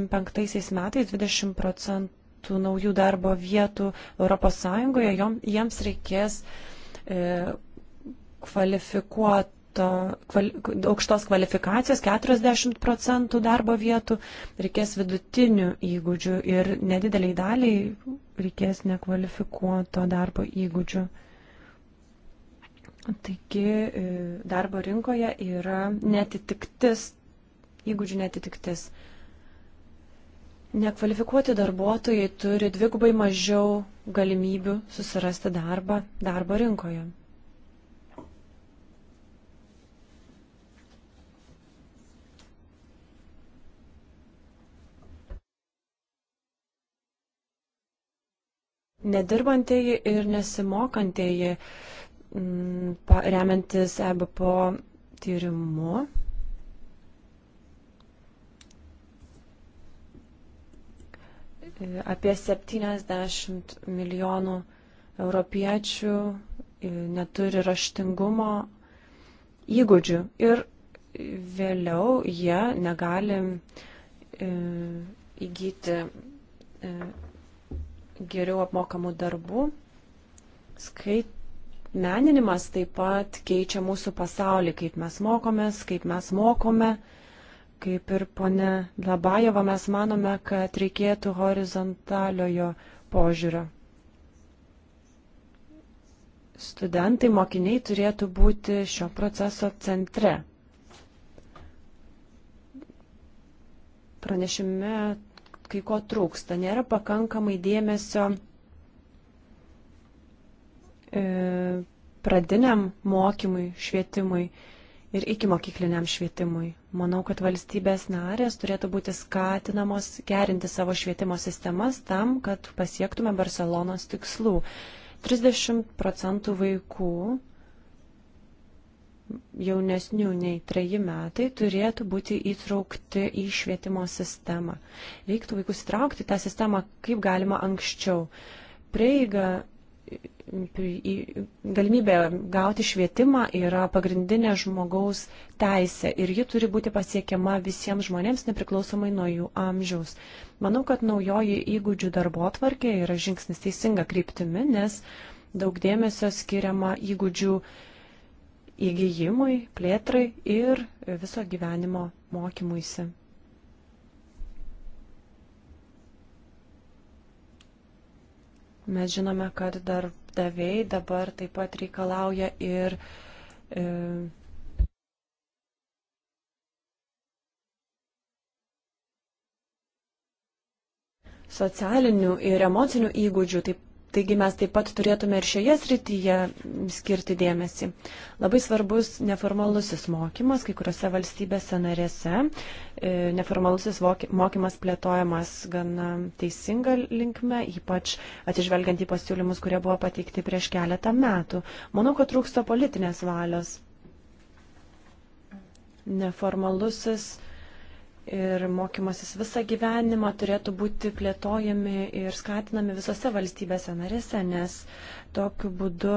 metais 20 procentų tų naujų darbo vietų ES, jiems reikės e, kvalifikuoto, kvali, aukštos kvalifikacijos 40 procentų darbo vietų, reikės vidutinių įgūdžių ir nedideliai daliai reikės nekvalifikuoto darbo įgūdžių. Taigi e, darbo rinkoje yra netitiktis, įgūdžių netitiktis. Nekvalifikuoti darbuotojai turi dvigubai mažiau galimybių susirasti darbą darbo rinkoje. Nedirbantieji ir nesimokantieji, mm, remiantis EBPO tyrimu, Apie 70 milijonų europiečių e, neturi raštingumo įgūdžių ir vėliau jie negali e, įgyti e, geriau apmokamų darbų. Skaitmeninimas taip pat keičia mūsų pasaulį, kaip mes mokomės, kaip mes mokome. Kaip ir ponė Labajeva, mes manome, kad reikėtų horizontaliojo požiūrio. Studentai, mokiniai turėtų būti šio proceso centre. Pranešime kai ko trūksta, nėra pakankamai dėmesio e, pradiniam mokymui, švietimui ir iki mokykliniam švietimui. Manau, kad valstybės narės turėtų būti skatinamos gerinti savo švietimo sistemas tam, kad pasiektume Barcelonos tikslų. 30 procentų vaikų jaunesnių nei treji metai turėtų būti įtraukti į švietimo sistemą. Reiktų vaikus įtraukti tą sistemą kaip galima anksčiau. Prieiga galimybė gauti švietimą yra pagrindinė žmogaus teisė ir ji turi būti pasiekiama visiems žmonėms nepriklausomai nuo jų amžiaus. Manau, kad naujoji įgūdžių darbo atvarkė yra žingsnis teisinga kryptimi, nes daug dėmesio skiriama įgūdžių įgyjimui, plėtrai ir viso gyvenimo mokymuisi. Mes žinome, kad darbdaviai dabar taip pat reikalauja ir e, socialinių ir emocinių įgūdžių, taip Taigi mes taip pat turėtume ir šioje srityje skirti dėmesį. Labai svarbus neformalusis mokymas, kai kuriuose valstybėse narėse e, neformalusis mokymas plėtojamas gana teisinga linkme, ypač atsižvelgiant į pasiūlymus, kurie buvo pateikti prieš keletą metų. Manau, kad trūksta politinės valios. Neformalusis ir mokymasis visą gyvenimą turėtų būti plėtojami ir skatinami visose valstybėse narėse, nes tokiu būdu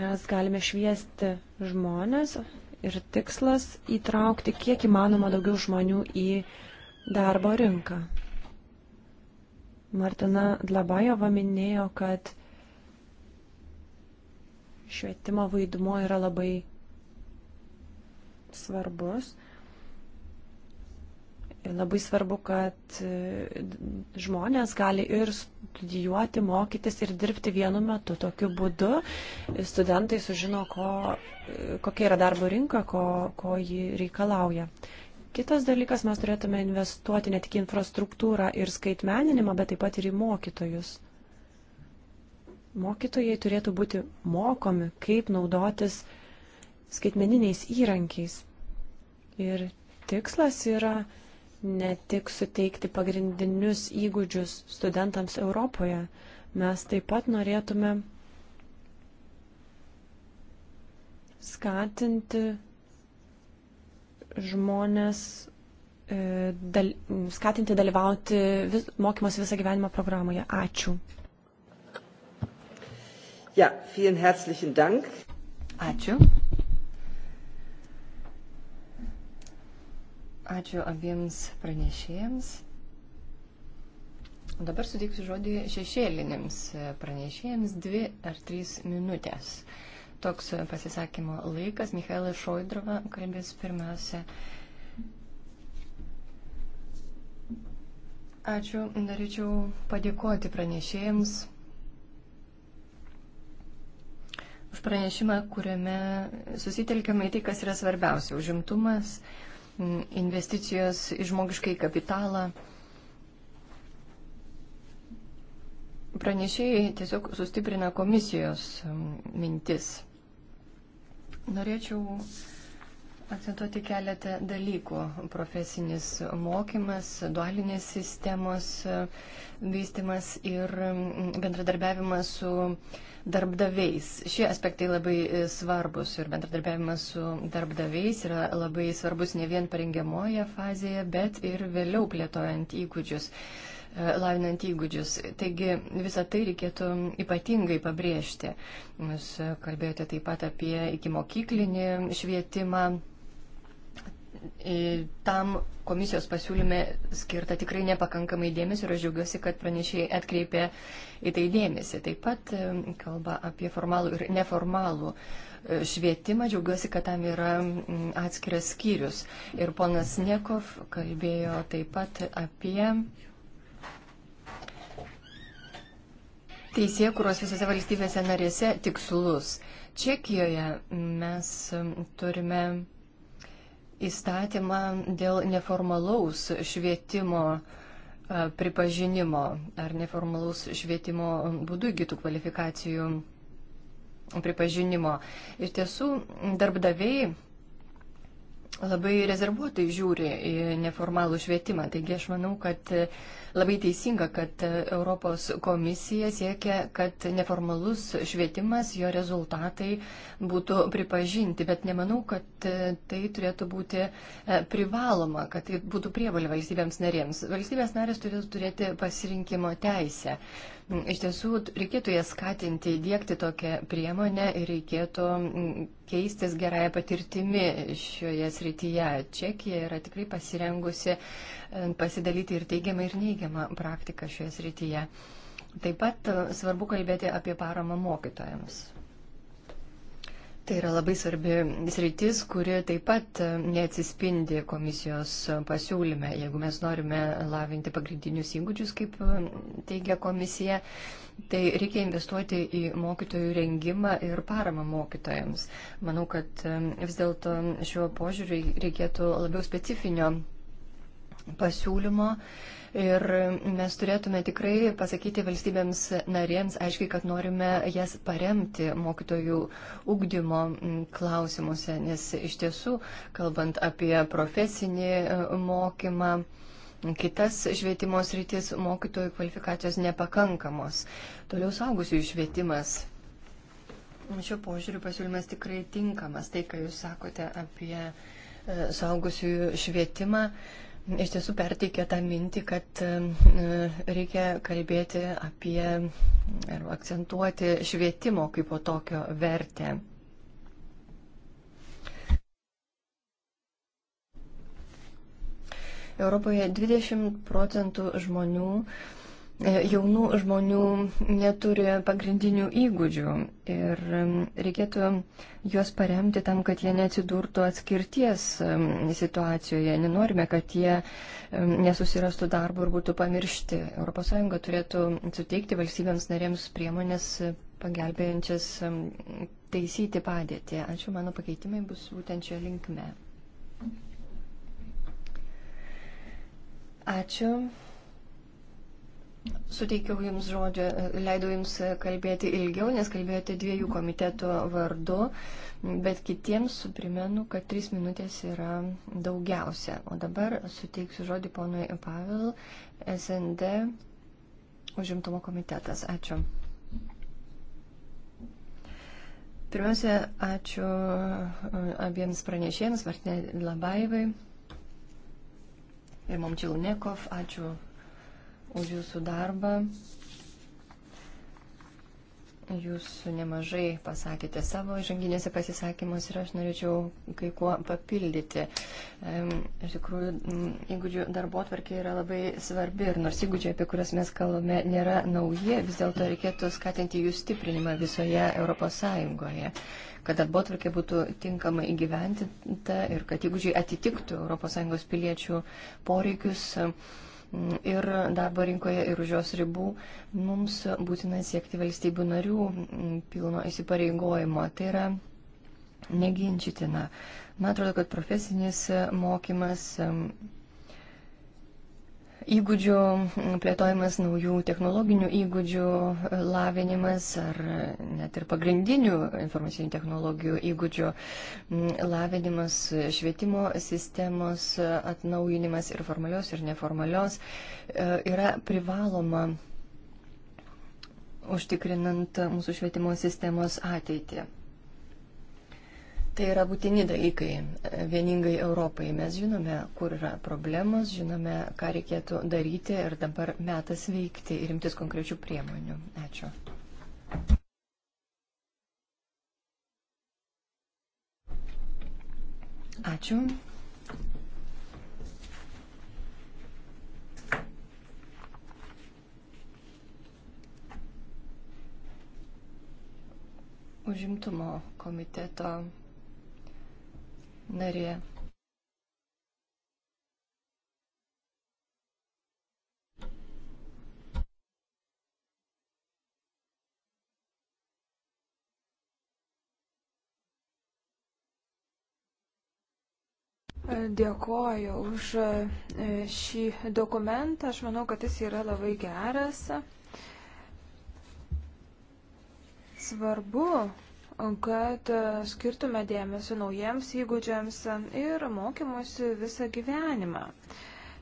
mes galime šviesti žmonės ir tikslas įtraukti kiek įmanoma daugiau žmonių į darbo rinką. Martina Dlabajova minėjo, kad švietimo vaidmuo yra labai svarbus. Labai svarbu, kad e, žmonės gali ir studijuoti, mokytis ir dirbti vienu metu. Tokiu būdu studentai sužino, ko, e, kokia yra darbo rinka, ko, ko ji reikalauja. Kitas dalykas, mes turėtume investuoti ne tik infrastruktūrą ir skaitmeninimą, bet taip pat ir į mokytojus. Mokytojai turėtų būti mokomi, kaip naudotis skaitmeniniais įrankiais. Ir tikslas yra ne tik suteikti pagrindinius įgūdžius studentams Europoje, mes taip pat norėtume skatinti žmonės, e, dal, skatinti dalyvauti vis, mokymas visą gyvenimą programoje. Ačiū. Ja, vielen herzlichen Dank. Ačiū. Ačiū abiems pranešėjams. Dabar suteiksiu žodį šešėlinėms pranešėjams dvi ar trys minutės. Toks pasisakymo laikas. Mikhailas Šoidrova kalbės pirmiausia. Ačiū. Norėčiau padėkoti pranešėjams už pranešimą, kuriame susitelkiama į tai, kas yra svarbiausia - užimtumas, investicijos į žmogiškai kapitalą. Pranešėjai tiesiog sustiprina komisijos um, mintis. Norėčiau akcentuoti keletą dalykų. Profesinis mokymas, dualinės sistemos uh, vystimas ir um, bendradarbiavimas su uh, darbdaviais. Šie aspektai labai e, svarbus ir bendradarbiavimas su darbdaviais yra labai svarbus ne vien parengiamoje fazėje, bet ir vėliau plėtojant įgūdžius e, lavinant įgūdžius. Taigi visą tai reikėtų ypatingai pabrėžti. Jūs e, kalbėjote taip pat apie ikimokyklinį švietimą, tam komisijos pasiūlyme skirta tikrai nepakankamai dėmesio ir aš džiaugiuosi, kad pranešėjai atkreipė į tai dėmesį. Taip pat e, kalba apie formalų ir neformalų e, švietimą, džiaugiuosi, kad tam yra atskiras skyrius. Ir ponas Nekov kalbėjo taip pat apie. Teisėkuros visose valstybėse narėse tikslus. Čekijoje mes turime įstatymą dėl neformalaus švietimo e, pripažinimo ar neformalaus švietimo būdų įgytų kvalifikacijų pripažinimo. Iš tiesų, darbdaviai labai rezervuotai žiūri į neformalų švietimą. Taigi aš manau, kad Labai teisinga, kad e, Europos komisija siekia, kad neformalus švietimas, jo rezultatai būtų pripažinti, bet nemanau, kad e, tai turėtų būti e, privaloma, kad tai būtų prievalė valstybėms narėms. Valstybės narės turėtų turėti pasirinkimo teisę. Mm, iš tiesų, reikėtų jas skatinti, dėkti tokią priemonę ir reikėtų mm, keistis gerąją patirtimi šioje srityje. Čekija yra tikrai pasirengusi pasidalyti ir teigiamą, ir neigiamą praktiką šioje srityje. Taip pat e, svarbu kalbėti apie paramą mokytojams. Tai yra labai svarbi sritis, kuri taip pat e, neatsispindi komisijos pasiūlyme. Jeigu mes norime lavinti pagrindinius įgūdžius, kaip e, teigia komisija, tai reikia investuoti į mokytojų rengimą ir paramą mokytojams. Manau, kad vis dėlto šiuo požiūriu reikėtų labiau specifinio pasiūlymo. Ir mes turėtume tikrai pasakyti valstybėms narėms aiškiai, kad norime jas paremti mokytojų ugdymo klausimuose, nes iš tiesų, kalbant apie profesinį e, mokymą, kitas švietimo sritis mokytojų kvalifikacijos nepakankamos. Toliau saugusių švietimas. Šiuo požiūriu pasiūlymas tikrai tinkamas, tai, ką jūs sakote apie e, saugusiųjų švietimą. Uh, iš tiesų perteikė tą mintį, kad e, reikia kalbėti apie ir akcentuoti švietimo kaip po tokio vertę. Europoje 20 procentų žmonių uh, E, jaunų žmonių neturi pagrindinių įgūdžių ir um, reikėtų juos paremti tam, kad jie neatsidurtų atskirties um, situacijoje. Nenorime, kad jie um, nesusirastų darbo ir būtų pamiršti. ES turėtų suteikti valstybėms narėms priemonės pagelbėjančias taisyti padėtį. Ačiū, mano pakeitimai bus būtent čia linkme. Ačiū. Suteikiau Jums žodžią, leidau Jums kalbėti ilgiau, nes kalbėjote dviejų komitetų vardu, bet kitiems suprimenu, kad trys minutės yra daugiausia. O dabar suteiksiu žodį ponui Pavel, SND užimtumo komitetas. Ačiū. Pirmiausia, ačiū uh, abiems pranešėjams, Martinė Labaivai ir Momčilunekov. Ačiū už jūsų darbą. Jūs nemažai pasakėte savo žanginėse pasisakymus ir aš norėčiau kai kuo papildyti. Iš tikrųjų, įgūdžių darbo atvarkė yra labai svarbi ir nors įgūdžiai, apie kurias mes kalbame, nėra nauji, vis dėlto reikėtų skatinti jų stiprinimą visoje ES kad darbo atvarkė būtų tinkamai įgyventinta ir kad įgūdžiai atitiktų ES piliečių poreikius. Um, ir darbo rinkoje, ir už jos ribų, mums būtina siekti valstybių narių mm, pilno įsipareigojimo. Tai yra neginčitina. Man atrodo, kad profesinis mokymas mm, įgūdžių plėtojimas, naujų technologinių įgūdžių e, lavinimas ar e, net ir pagrindinių informacinių technologijų įgūdžių lavinimas, švietimo sistemos e, atnaujinimas ir formalios ir neformalios yra privaloma užtikrinant mūsų švietimo sistemos ateitį. Tai yra būtini dalykai e, vieningai Europai. Mes žinome, kur yra problemos, žinome, ką reikėtų daryti ir dabar metas veikti ir imtis konkrečių priemonių. Ačiū. Ačiū. Užimtumo komiteto narė. Dėkoju už e, šį dokumentą. Aš manau, kad jis yra labai geras. Svarbu, kad e, skirtume dėmesio naujiems įgūdžiams e, ir mokymusi visą gyvenimą.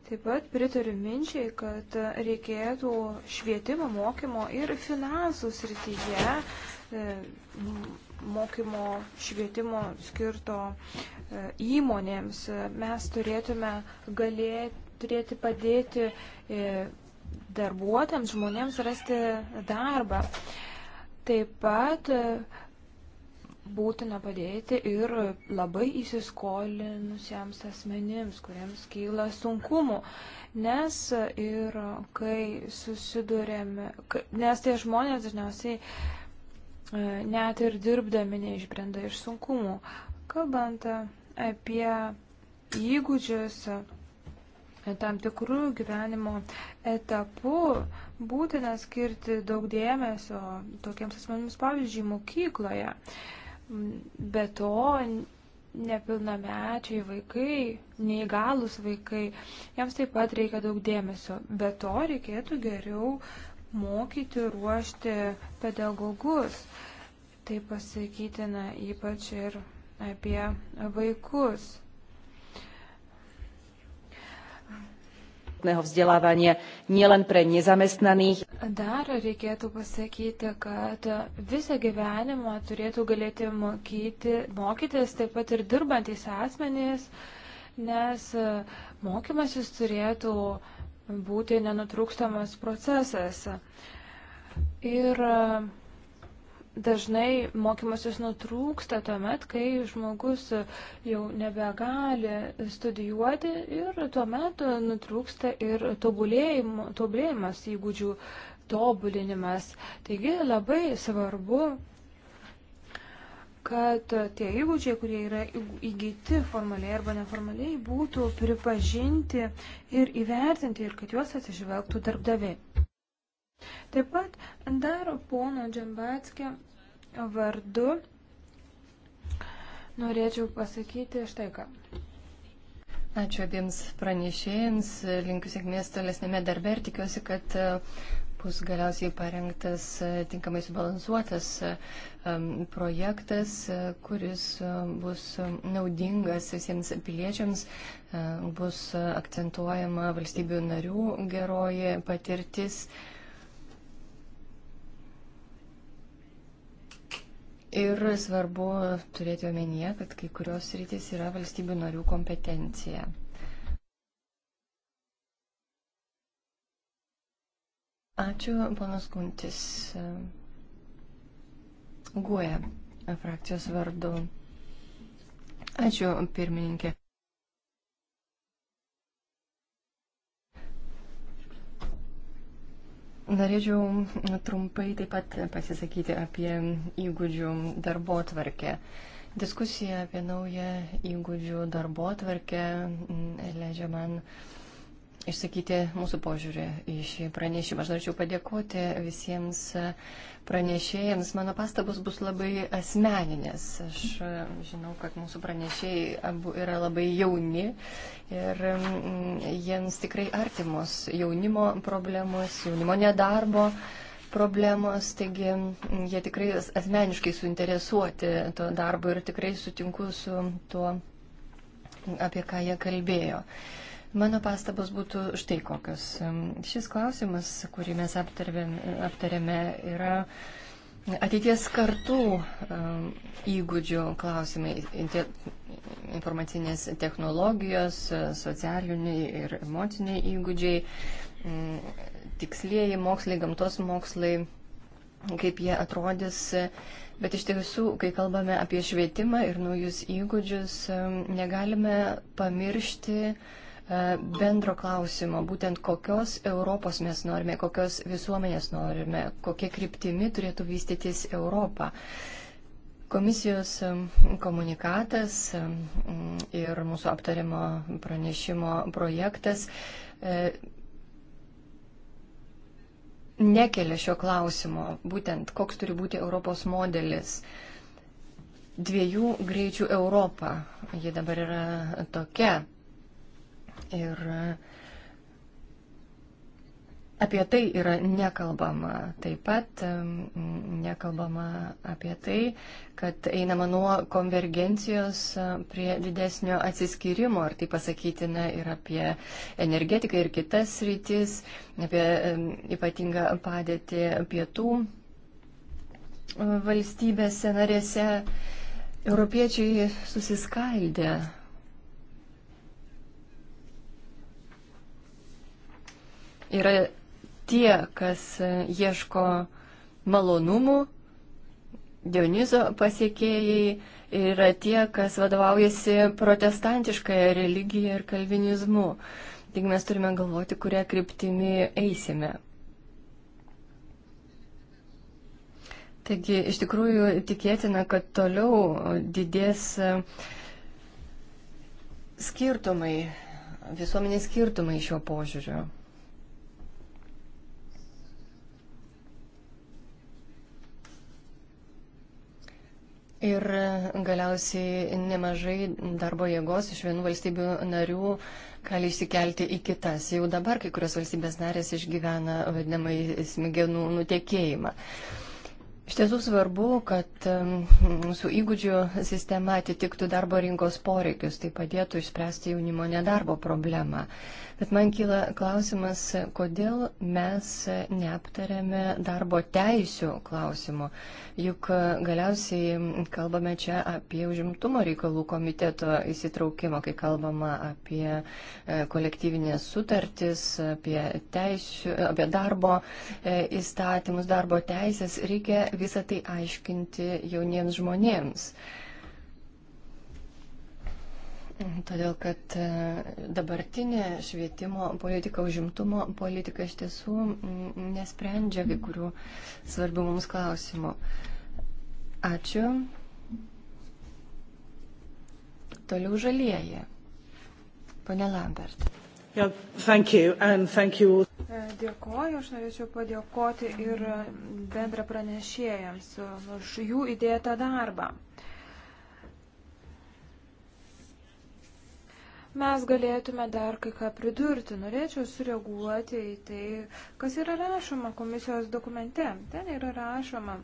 Taip pat pritariu minčiai, kad e, reikėtų švietimo mokymo ir finansų srityje mokymo švietimo skirto įmonėms. Mes turėtume galėti, turėti padėti darbuotėms, žmonėms rasti darbą. Taip pat būtina padėti ir labai įsiskolinusiems asmenims, kuriems kyla sunkumų, nes ir kai susidurėme, nes tie žmonės dažniausiai e, net ir dirbdami neišbrenda iš sunkumų. Kalbant apie įgūdžius, e, tam tikrų gyvenimo etapų būtina skirti daug dėmesio tokiems asmenims, pavyzdžiui, mokykloje. Uh, Be to, nepilnamečiai vaikai, neįgalus vaikai, jiems taip pat reikia daug dėmesio. Be to, reikėtų geriau mokyti, ruošti pedagogus. Tai pasakytina ypač ir apie vaikus. celoživotného vzdelávania nielen pre nezamestnaných. Dar reikėtų pasakyti, kad visą gyvenimą turėtų galėti mokyti, mokytis taip pat ir dirbantys asmenys, nes mokymasis turėtų būti nenutrūkstamas procesas. Ir uh, dažnai mokymasis nutrūksta tuomet, kai žmogus jau nebegali studijuoti ir tuomet nutrūksta ir tobulėjimas įgūdžių tobulinimas. Taigi labai svarbu kad tie įgūdžiai, kurie yra įgyti formaliai arba neformaliai, būtų pripažinti ir įvertinti ir kad juos atsižvelgtų darbdaviai. Taip pat dar pono Džambatskio vardu norėčiau pasakyti štai ką. Ačiū abiems pranešėjams, linkiu sėkmės tolesnėme darbe ir tikiuosi, kad e, bus galiausiai parengtas e, tinkamai subalansuotas e, projektas, kuris bus naudingas visiems piliečiams, bus akcentuojama valstybių narių geroji patirtis. Ir svarbu turėti omenyje, kad kai kurios rytis yra valstybių narių kompetencija. Ačiū, ponas Kuntis. Guoja frakcijos vardu. Ačiū, pirmininkė. Norėčiau trumpai taip pat pasisakyti apie įgūdžių darbo tvarkę. Diskusija apie naują įgūdžių darbo tvarkę mm, leidžia man išsakyti mūsų požiūrį į šį pranešimą. Aš norėčiau padėkoti visiems pranešėjams. Mano pastabos bus labai asmeninės. Aš mm, žinau, kad mūsų pranešėjai abu yra labai jauni ir mm, jiems tikrai artimos jaunimo problemos, jaunimo nedarbo problemos, taigi mm, jie tikrai asmeniškai suinteresuoti to darbo ir tikrai sutinku su tuo, apie ką jie kalbėjo. Uh, Mano pastabos būtų štai kokios. Šis klausimas, kurį mes aptarėme, yra ateities kartų um, įgūdžių klausimai, informacinės technologijos, socialiniai ir emociniai įgūdžiai, mm, tikslieji mokslai, gamtos mokslai, kaip jie atrodys. Bet iš tiesų, kai kalbame apie švietimą ir naujus įgūdžius, um, negalime pamiršti, uh, E, bendro klausimo, būtent kokios Europos mes norime, kokios visuomenės norime, kokie kryptimi turėtų vystytis Europą. Komisijos e, komunikatas e, ir mūsų aptarimo pranešimo projektas nekelia šio klausimo, būtent koks turi būti Europos modelis. Dviejų greičių Europą. Ji dabar yra tokia Ir apie tai yra nekalbama. Taip pat nekalbama apie tai, kad einama nuo konvergencijos e, prie didesnio atsiskyrimo. Ir tai pasakytina ir apie energetiką ir kitas rytis, apie ypatingą padėtį pietų e, valstybėse narėse. Europiečiai susiskaldė yra tie, kas e, ieško malonumų, Dionizo pasiekėjai, yra tie, kas vadovaujasi protestantiškąją religiją ir kalvinizmu. Tik mes turime galvoti, kurią kryptimį eisime. Taigi, iš tikrųjų, tikėtina, kad toliau didės e, skirtumai, visuomenės skirtumai šiuo požiūriu. Ir galiausiai nemažai darbo jėgos iš vienų valstybių narių gali išsikelti į kitas. Jau dabar kai kurios valstybės narės išgyvena vadinamai smegenų nutekėjimą. Iš tiesų svarbu, kad mūsų įgūdžių sistema atitiktų darbo rinkos poreikius, tai padėtų išspręsti jaunimo nedarbo problemą. Bet man kyla klausimas, kodėl mes neaptarėme darbo teisių klausimų. Juk galiausiai kalbame čia apie užimtumo reikalų komiteto įsitraukimą, kai kalbama apie e, kolektyvinės sutartis, apie, teisių, apie darbo e, įstatymus, darbo teisės. Reikia visą tai aiškinti jauniems žmonėms. Todėl, kad e, dabartinė švietimo politika, užimtumo politika iš tiesų nesprendžia kai kurių svarbių mums klausimų. Ačiū. Toliau žalieji. Pane Lambert. Yeah, thank you, and thank you all. E, dėkoju, aš norėčiau padėkoti ir bendra pranešėjams e, už jų įdėtą darbą. Mes galėtume dar kai ką pridurti. Norėčiau sureaguoti į tai, kas yra rašoma komisijos dokumente. Ten yra rašoma,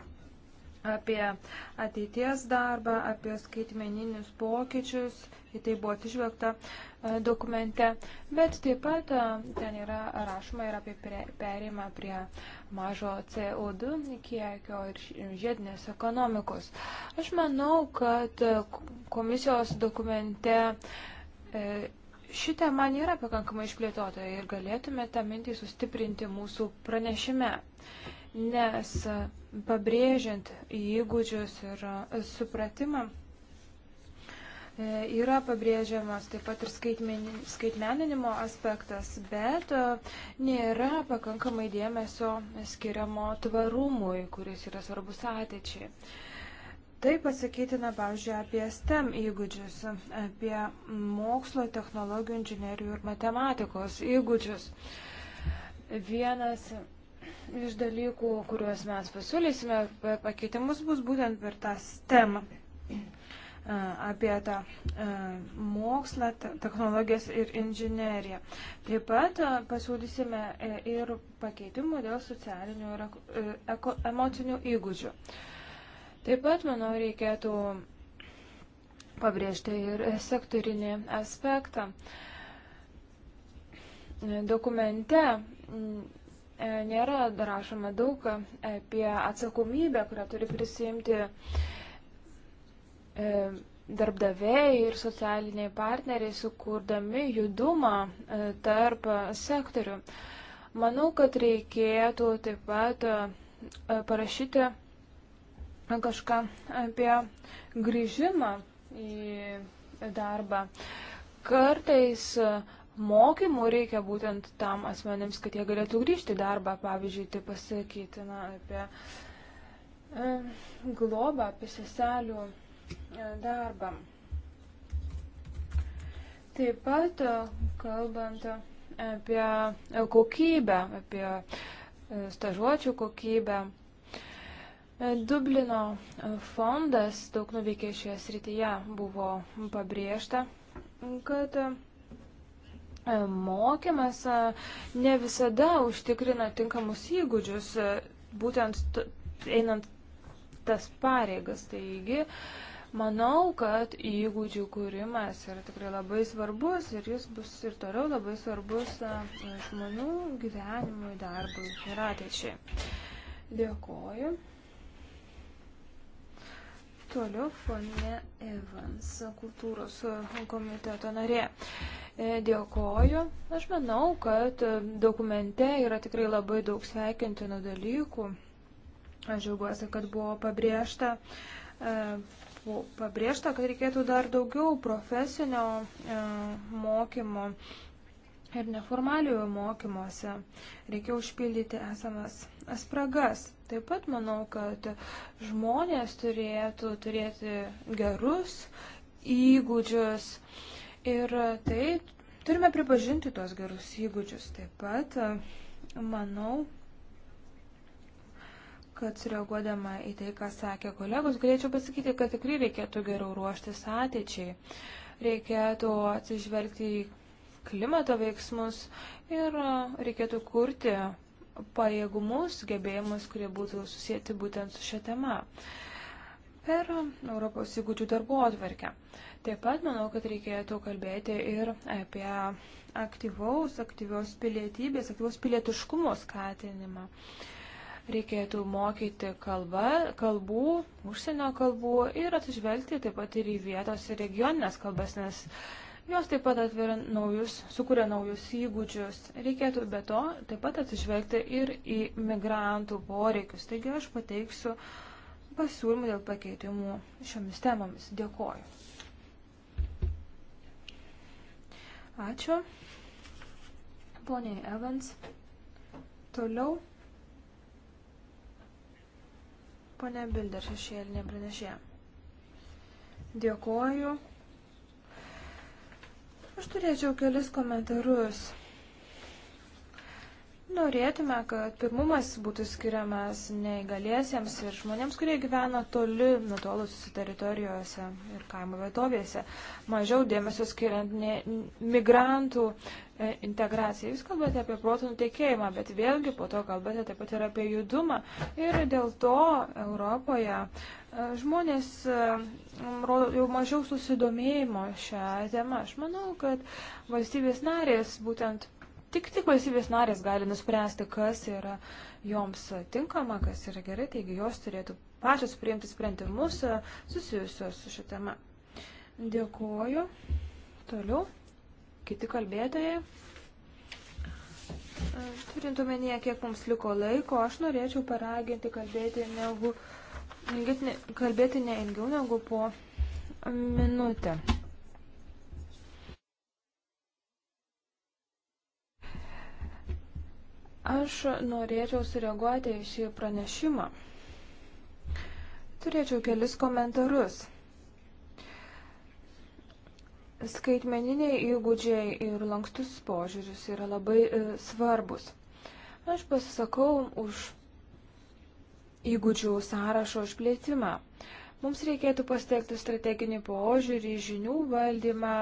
apie ateities darbą, apie skaitmeninius pokyčius, į tai buvo atsižvelgta e, dokumente, bet taip pat e, ten yra rašoma ir apie perėjimą prie mažo CO2 kiekio ir žiedinės ekonomikos. Aš manau, kad e, komisijos dokumente ši tema nėra pakankamai išplėtota ir galėtume tą mintį sustiprinti mūsų pranešime nes pabrėžiant įgūdžius ir supratimą e, yra pabrėžiamas taip pat ir skaitmeninimo aspektas, bet e, nėra pakankamai dėmesio skiriamo tvarumui, kuris yra svarbus ateičiai. Tai pasakytina, pavyzdžiui, apie STEM įgūdžius, apie mokslo, technologijų, inžinerijų ir matematikos įgūdžius. Vienas iš dalykų, kuriuos mes pasiūlysime, pakeitimus bus būtent per tą STEM apie tą mokslą, technologijas ir inžineriją. Taip pat pasiūlysime e, ir pakeitimų dėl socialinių ir e, eko, emocinių įgūdžių. Taip pat, manau, reikėtų pabrėžti ir sektorinį aspektą. Dokumente E, nėra rašoma daug apie atsakomybę, kurią turi prisimti e, darbdaviai ir socialiniai partneriai, sukurdami judumą e, tarp sektorių. Manau, kad reikėtų taip pat parašyti kažką apie grįžimą į darbą. Kartais mokymų reikia būtent tam asmenėms, kad jie galėtų grįžti į darbą, pavyzdžiui, tai pasakyti na, apie e, globą, apie seselių e, darbą. Taip pat, e, kalbant apie e, kokybę, apie e, stažuočių kokybę, Dublino fondas daug nuveikė šioje srityje, buvo pabrėžta, kad mokymas ne visada užtikrina tinkamus įgūdžius, būtent einant tas pareigas. Taigi, manau, kad įgūdžių kūrimas yra tikrai labai svarbus ir jis bus ir toliau labai svarbus žmonių gyvenimui, darbui ir ateičiai. Dėkoju. Toliau ponė Evans, kultūros komiteto narė. E, dėkoju. Aš manau, kad dokumente yra tikrai labai daug sveikintinų dalykų. Aš džiaugiuosi, kad buvo pabrėžta, e, pabrėžta, kad reikėtų dar daugiau profesinio e, mokymo ir neformaliojo mokymuose. Reikia užpildyti esamas spragas. Taip pat manau, kad žmonės turėtų turėti gerus įgūdžius ir tai turime pripažinti tuos gerus įgūdžius. Taip pat e, manau, kad sureaguodama į tai, ką sakė kolegos, galėčiau pasakyti, kad tikrai reikėtų geriau ruoštis ateičiai. Reikėtų atsižvelgti į klimato veiksmus ir reikėtų kurti pajėgumus, gebėjimus, kurie būtų susijęti būtent su šia tema per Europos įgūdžių darbo atvarkę. Taip pat manau, kad reikėtų kalbėti ir apie aktyvaus, aktyvios pilietybės, aktyvaus pilietiškumo skatinimą. Reikėtų mokyti kalba, kalbų, užsienio kalbų ir atsižvelgti taip pat ir į vietos ir regioninės kalbas, nes Jos taip pat atveria naujus, sukuria naujus įgūdžius. Reikėtų be to taip pat atsižvelgti ir į migrantų poreikius. Taigi aš pateiksiu pasiūlymų dėl pakeitimų šiomis temomis. Dėkoju. Ačiū. Poniai Evans. Toliau. Pone Bilder šešėlinė pranešė. Dėkoju. Aš turėčiau kelis komentarus. Norėtume, kad pirmumas būtų skiriamas neįgaliesiems ir žmonėms, kurie gyvena toli, nutolusiuose teritorijose ir kaimo vietovėse, mažiau dėmesio skiriant ne, migrantų e, integracijai. Jūs kalbate apie protų nutekėjimą, bet vėlgi po to kalbate taip pat ir apie judumą. Ir dėl to Europoje Žmonės e, rodo jau mažiau susidomėjimo šią temą. Aš manau, kad valstybės narės būtent tik, tik valstybės narės gali nuspręsti, kas yra joms tinkama, kas yra gerai, taigi jos turėtų pačios priimti sprendimus e, susijusios su šią temą. Dėkuoju. Toliau. Kiti kalbėtojai. E, turint omenyje, kiek mums liko laiko, aš norėčiau paraginti kalbėti negu ne, kalbėti ne ilgiau negu po minutę. Aš norėčiau sureaguoti į šį pranešimą. Turėčiau kelis komentarus. Skaitmeniniai įgūdžiai ir lankstus požiūris yra labai e, svarbus. Aš pasisakau už įgūdžių sąrašo išplėtimą. Mums reikėtų pasiekti strateginį požiūrį, žinių valdymą,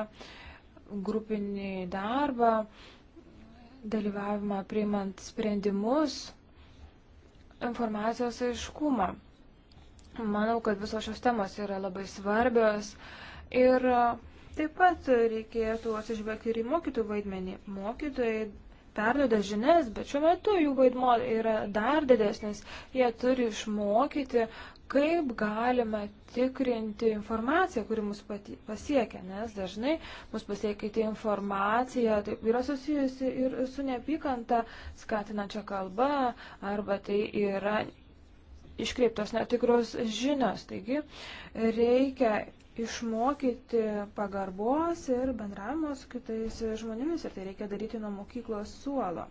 grupinį darbą, dalyvavimą priimant sprendimus, informacijos aiškumą. Manau, kad visos šios temos yra labai svarbios ir taip pat reikėtų atsižvelgti ir į mokytojų vaidmenį. Mokytojai perdoda žinias, bet šiuo metu jų vaidmo yra dar didesnis. Jie turi išmokyti, kaip galima tikrinti informaciją, kuri mus pasiekia, nes dažnai mus pasiekia informacija, tai yra susijusi ir su neapykanta skatinančia kalba, arba tai yra iškreiptos netikros žinios. Taigi reikia išmokyti pagarbos ir bendravimo su kitais žmonėmis ir tai reikia daryti nuo mokyklos suolo.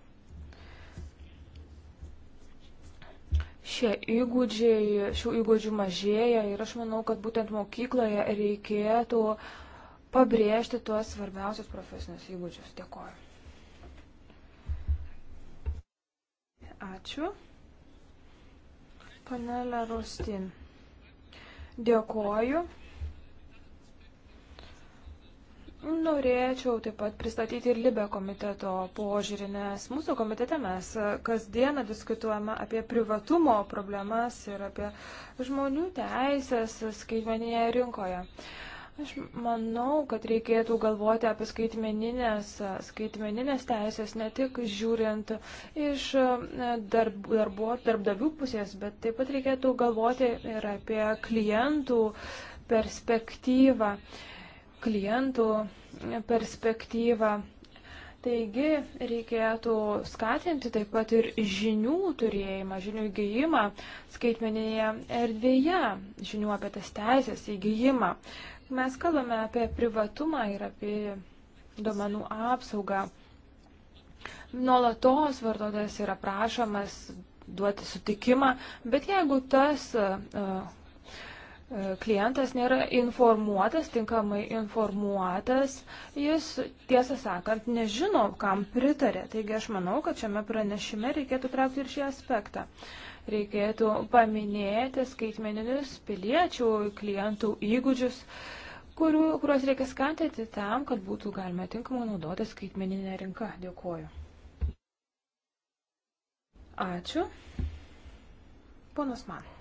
Šie įgūdžiai, šių įgūdžių mažėja ir aš manau, kad būtent mokykloje reikėtų pabrėžti tuos svarbiausius profesinius įgūdžius. Dėkoju. Ačiū. Panelė Rostin. Dėkoju. Norėčiau taip pat pristatyti ir Libe komiteto požiūrį, nes mūsų komitete mes kasdieną diskutuojame apie privatumo problemas ir apie žmonių teisės skaitmeninėje rinkoje. Aš manau, kad reikėtų galvoti apie skaitmeninės, skaitmeninės teisės, ne tik žiūrint iš darb, darbo, darbdavių pusės, bet taip pat reikėtų galvoti ir apie klientų perspektyvą. Uh, klientų perspektyvą. Taigi reikėtų skatinti taip pat ir žinių turėjimą, žinių įgyjimą skaitmeninėje erdvėje, žinių apie tas teisės įgyjimą. Mes kalbame apie privatumą ir apie duomenų apsaugą. Nuolatos vartotojas yra prašomas duoti sutikimą, bet jeigu tas uh, klientas nėra informuotas, tinkamai informuotas, jis tiesą sakant nežino, kam pritarė. Taigi aš manau, kad šiame pranešime reikėtų traukti ir šį aspektą. Reikėtų paminėti skaitmeninius piliečių klientų įgūdžius, kurių, kuriuos reikia skantyti tam, kad būtų galima tinkamai naudoti skaitmeninę rinką. Dėkuoju. Ačiū. Ponas man.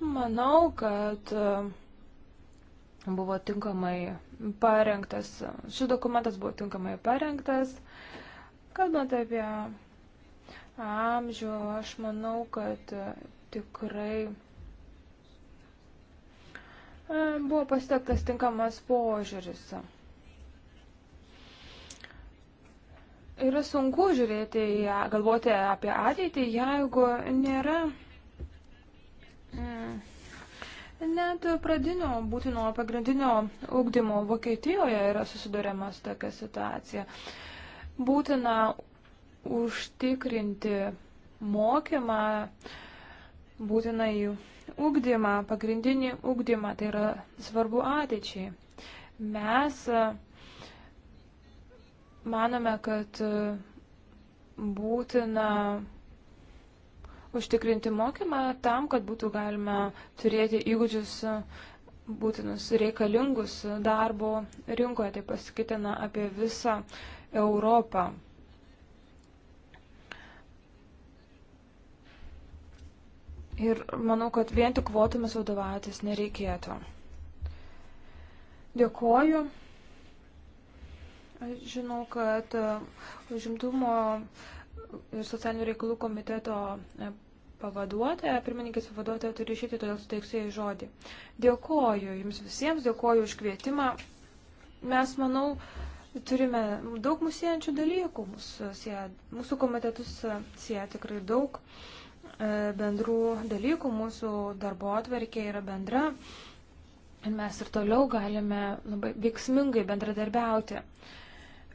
Manau, kad e, buvo tinkamai parengtas, šis dokumentas buvo tinkamai parengtas. Kalbant apie amžių, aš manau, kad e, tikrai e, buvo pasitektas tinkamas požiūris. Yra sunku žiūrėti, galvoti apie ateitį, jeigu nėra Mm. Net pradinio būtino pagrindinio ūkdymo Vokietijoje yra susidurėmas tokia situacija. Būtina užtikrinti mokymą, būtina į ūkdymą, pagrindinį ūkdymą, tai yra svarbu ateičiai. Mes e, manome, kad e, būtina užtikrinti mokymą tam, kad būtų galima turėti įgūdžius e, būtinus reikalingus darbo rinkoje, tai pasakytina apie visą Europą. Ir manau, kad vien tik kvotomis vadovautis nereikėtų. Dėkoju. Aš žinau, kad e, užimtumo uh, ir socialinių reikalų komiteto e, pavaduotoja, pirmininkės pavaduotoja turi išėti, todėl suteiksiu jai žodį. Dėkoju jums visiems, dėkoju už kvietimą. Mes, manau, turime daug mūsų siejančių dalykų, mūsų, e, sieja, mūsų komitetus e, sieja tikrai daug bendrų dalykų, mūsų darbo atverkė yra bendra ir mes ir toliau galime labai veiksmingai bendradarbiauti. Uh,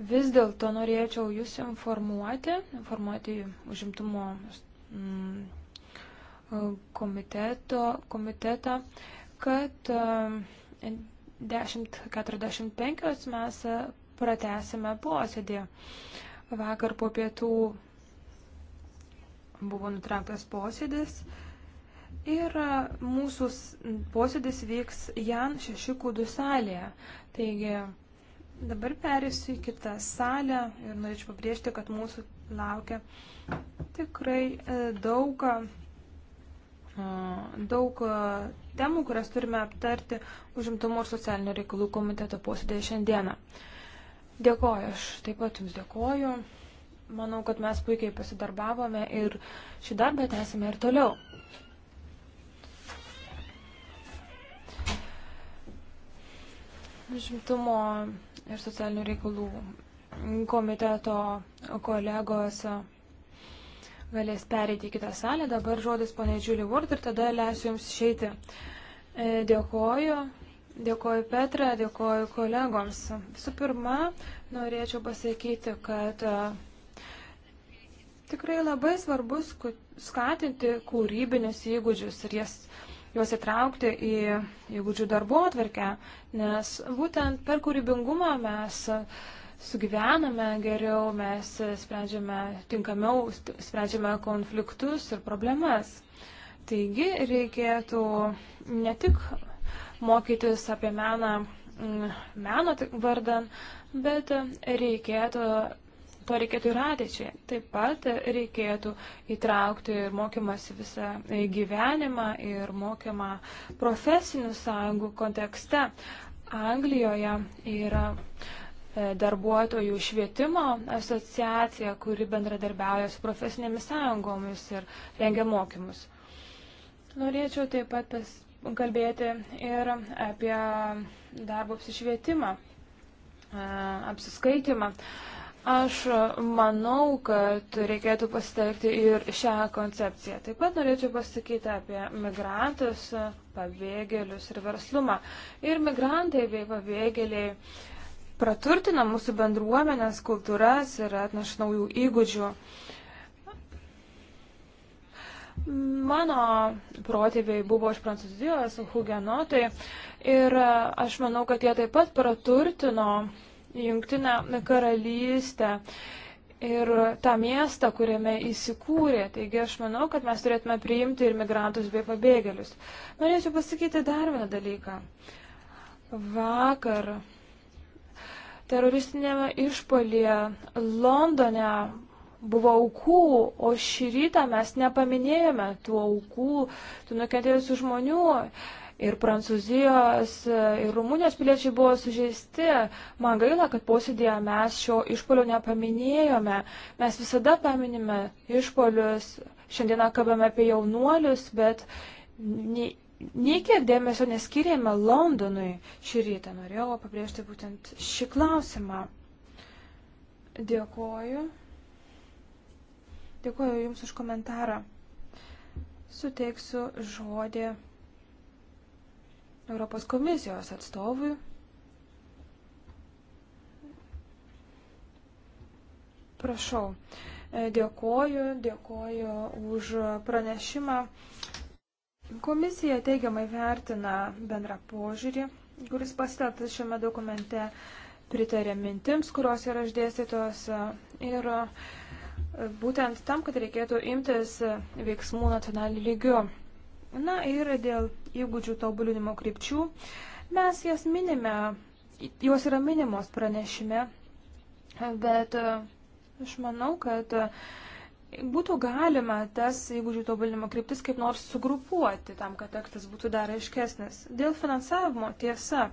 Vis dėlto norėčiau Jūs informuoti, informuoti užimtumo mm, e, komiteto, komitetą, kad 10.45 e, mes pratesime posėdį. Vakar po pietų buvo nutrauktas posėdis ir mūsų posėdis vyks Jan Šešikūdų salėje. Taigi, Dabar perėsiu į kitą salę ir norėčiau pabrėžti, kad mūsų laukia tikrai e, daug, e, daug e, temų, kurias turime aptarti užimtumo ir socialinio reikalų komiteto posėdėje šiandieną. Dėkoju, aš taip pat Jums dėkoju. Manau, kad mes puikiai pasidarbavome ir šį darbą tęsime ir toliau. Žimtumo ir socialinių reikalų komiteto kolegos galės pereiti į kitą salę. Dabar žodis ponė Džiulį Vord ir tada leisiu jums išeiti. E, dėkoju. Dėkoju Petra, dėkoju kolegoms. Visų pirma, norėčiau pasakyti, kad e, tikrai labai svarbus skatinti kūrybinius įgūdžius ir jas. Yes, juos įtraukti į įgūdžių darbo atverkę, nes būtent per kūrybingumą mes sugyvename geriau, mes sprendžiame tinkamiau, sprendžiame konfliktus ir problemas. Taigi reikėtų ne tik mokytis apie meną mm, meno vardan, bet reikėtų to reikėtų ir ateičiai. Taip pat reikėtų įtraukti ir mokymasi visą gyvenimą ir mokymą profesinių sąjungų kontekste. Anglijoje yra e, darbuotojų švietimo asociacija, kuri bendradarbiauja su profesinėmis sąjungomis ir rengia mokymus. Norėčiau taip pat pas, kalbėti ir apie darbo apsišvietimą, e, apsiskaitimą. A, Aš manau, kad reikėtų pasitelkti ir šią koncepciją. Taip pat norėčiau pasakyti apie migrantus, pabėgėlius ir verslumą. Ir migrantai bei pabėgėliai praturtina mūsų bendruomenės kultūras ir atneša naujų įgūdžių. Mano protėviai buvo iš Prancūzijos, hugenotai, ir aš manau, kad jie taip pat praturtino Jungtinę karalystę ir tą miestą, kuriame įsikūrė. Taigi aš manau, kad mes turėtume priimti ir migrantus bei pabėgėlius. Norėčiau pasakyti dar vieną dalyką. Vakar teroristinėme išpolyje Londone buvo aukų, o šį rytą mes nepaminėjome tų aukų, tų nukentėjusių žmonių. Uh, ir Prancūzijos, e, ir Rumunijos piliečiai buvo sužeisti. Man gaila, kad posėdėje mes šio išpolio nepaminėjome. Mes visada paminime išpolius. Šiandieną kalbame apie jaunuolius, bet nei kiek dėmesio neskirėme Londonui. Šį rytą norėjau pabrėžti būtent šį klausimą. Dėkoju. Dėkoju Jums už komentarą. Suteiksiu žodį Europos komisijos atstovui. Prašau. E, dėkoju, dėkoju už pranešimą. Komisija teigiamai vertina bendrą požiūrį, kuris pasiteltas šiame dokumente, pritarė mintims, kurios yra išdėstytos e, ir e, būtent tam, kad reikėtų imtis veiksmų nacionaliniu lygiu. Na ir dėl įgūdžių tobulinimo krypčių. Mes jas minime, jos yra minimos pranešime, bet e, aš manau, kad e, būtų galima tas įgūdžių tobulinimo kryptis kaip nors sugrupuoti tam, kad tekstas būtų dar aiškesnis. Dėl finansavimo tiesa,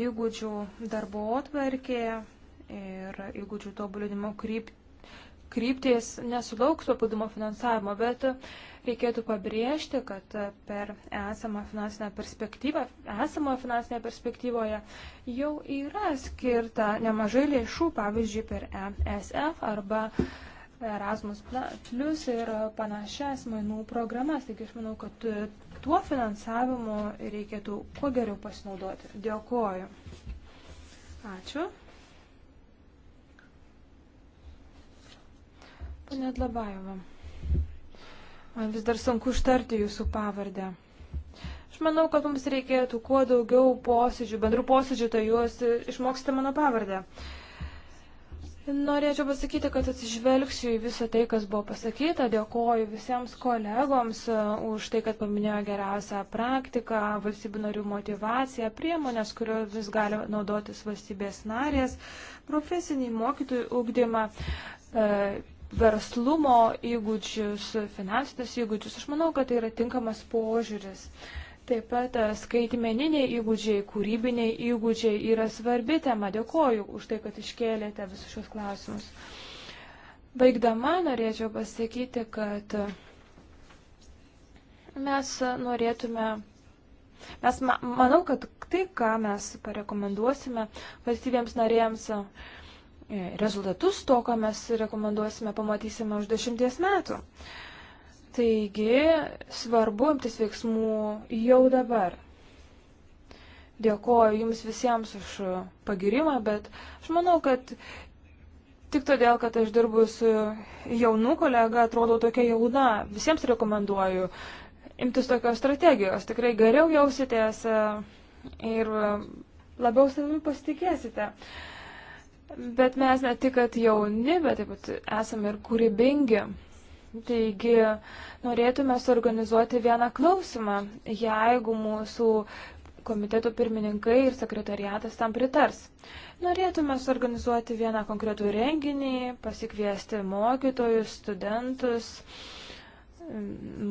įgūdžių darbo atverkė ir įgūdžių tobulinimo kryptis kryptis nesulauks papildomo finansavimo, bet Reikėtų pabrėžti, kad e, per esamą finansinę perspektyvą, esamą finansinę perspektyvoje jau yra skirta nemažai lėšų, pavyzdžiui, per ESF arba Erasmus Plus ir panašias mainų programas. Taigi aš manau, kad e, tuo finansavimu reikėtų kuo geriau pasinaudoti. Dėkuoju. Ačiū. Pane Dlabajova. Man vis dar sunku ištarti jūsų pavardę. Aš manau, kad mums reikėtų kuo daugiau posėdžių, bendrų posėdžių, tai jūs išmoksite mano pavardę. Norėčiau pasakyti, kad atsižvelgsiu į visą tai, kas buvo pasakyta. Dėkoju visiems kolegoms e, už tai, kad paminėjo geriausią praktiką, valstybių narių motivaciją, priemonės, kuriomis gali naudotis valstybės narės, profesinį mokytojų ugdymą e, verslumo įgūdžius, finansinius įgūdžius. Aš manau, kad tai yra tinkamas požiūris. Taip pat e, skaitmeniniai įgūdžiai, kūrybiniai įgūdžiai yra svarbi tema. Dėkoju už tai, kad iškėlėte visus šios klausimus. Baigdama norėčiau pasakyti, kad mes norėtume, mes ma manau, kad tai, ką mes parekomenduosime valstybėms narėms, E, rezultatus to, ką mes rekomenduosime, pamatysime už dešimties metų. Taigi, svarbu imtis veiksmų jau dabar. Dėkoju Jums visiems už pagirimą, bet aš manau, kad tik todėl, kad aš dirbu su jaunu kolega, atrodo tokia jauna. Visiems rekomenduoju imtis tokios strategijos. Tikrai geriau jausitės e, ir e, labiau savimi pasitikėsite. Uh, Bet mes ne tik, kad jauni, bet taip pat esame ir kūrybingi. Taigi norėtume suorganizuoti vieną klausimą, jeigu mūsų komiteto pirmininkai ir sekretariatas tam pritars. Norėtume suorganizuoti vieną konkretų renginį, pasikviesti mokytojus, studentus,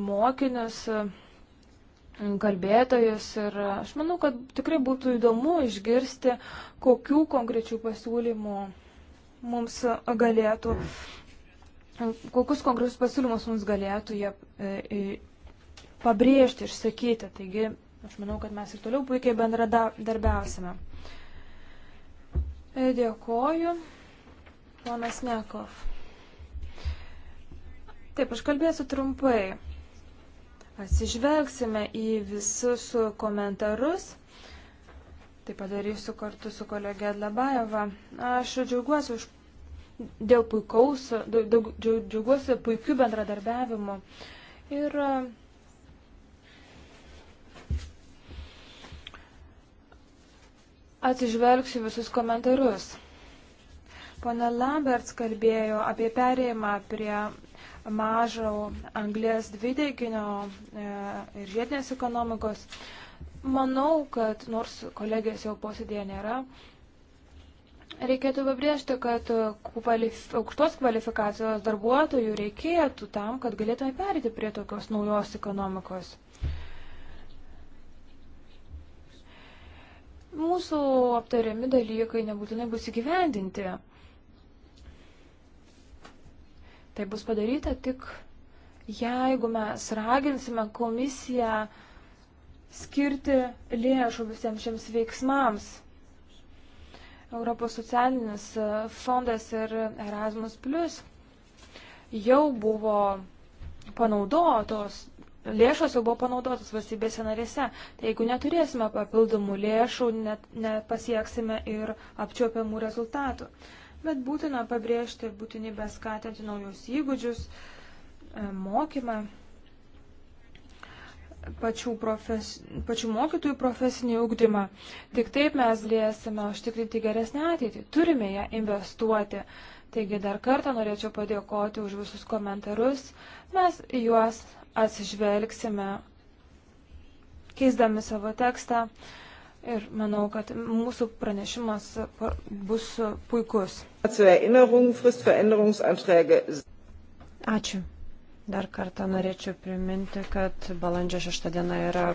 mokinius kalbėtojus ir aš manau, kad tikrai būtų įdomu išgirsti, kokių konkrečių pasiūlymų mums galėtų, kokius konkrečius pasiūlymus mums galėtų jie e, e, pabrėžti, išsakyti. Taigi aš manau, kad mes ir toliau puikiai bendradarbiausime. E, dėkoju, ponas Nekov. Taip, aš kalbėsiu trumpai. Atsižvelgsime į visus komentarus. Tai padarysiu kartu su kolegė Adlabajeva. Aš džiaugiuosi už, dėl puikaus, daug, džiaugiuosi puikiu bendradarbiavimu. Ir e, atsižvelgsiu visus komentarus. Pone Lamberts kalbėjo apie perėjimą prie mažo anglės dvideginio e, ir žiedinės ekonomikos. Manau, kad nors kolegijos jau posėdėje nėra, reikėtų pabrėžti, kad kvalif aukštos kvalifikacijos darbuotojų reikėtų tam, kad galėtume perėti prie tokios naujos ekonomikos. Mūsų aptariami dalykai nebūtinai bus įgyvendinti. Tai bus padaryta tik jeigu mes raginsime komisiją skirti lėšų visiems šiems veiksmams. Europos socialinis fondas ir Erasmus Plus jau buvo panaudotos, lėšos jau buvo panaudotos valstybėse narėse. Tai jeigu neturėsime papildomų lėšų, net nepasieksime ir apčiuopiamų rezultatų bet būtina pabrėžti būtinybę skatinti naujus įgūdžius, e, mokymą, pačių, profes, pačių mokytojų profesinį ūkdymą. Tik taip mes galėsime užtikrinti geresnę ateitį. Turime ją investuoti. Taigi dar kartą norėčiau padėkoti už visus komentarus. Mes juos atsižvelgsime, keisdami savo tekstą. Ir manau, kad mūsų pranešimas bus puikus. Ačiū. Dar kartą norėčiau priminti, kad balandžio 6 diena yra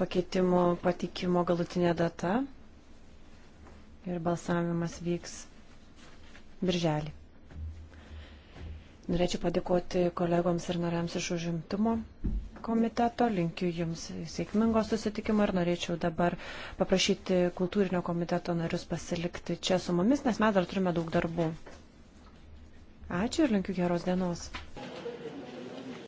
pakeitimo patikimo galutinė data ir balsavimas vyks birželį. Norėčiau padėkoti kolegoms ir nariams iš užimtumo komiteto, linkiu Jums sėkmingo susitikimo ir norėčiau dabar paprašyti kultūrinio komiteto narius pasilikti čia su mumis, nes mes dar turime daug darbų. Ačiū ir linkiu geros dienos.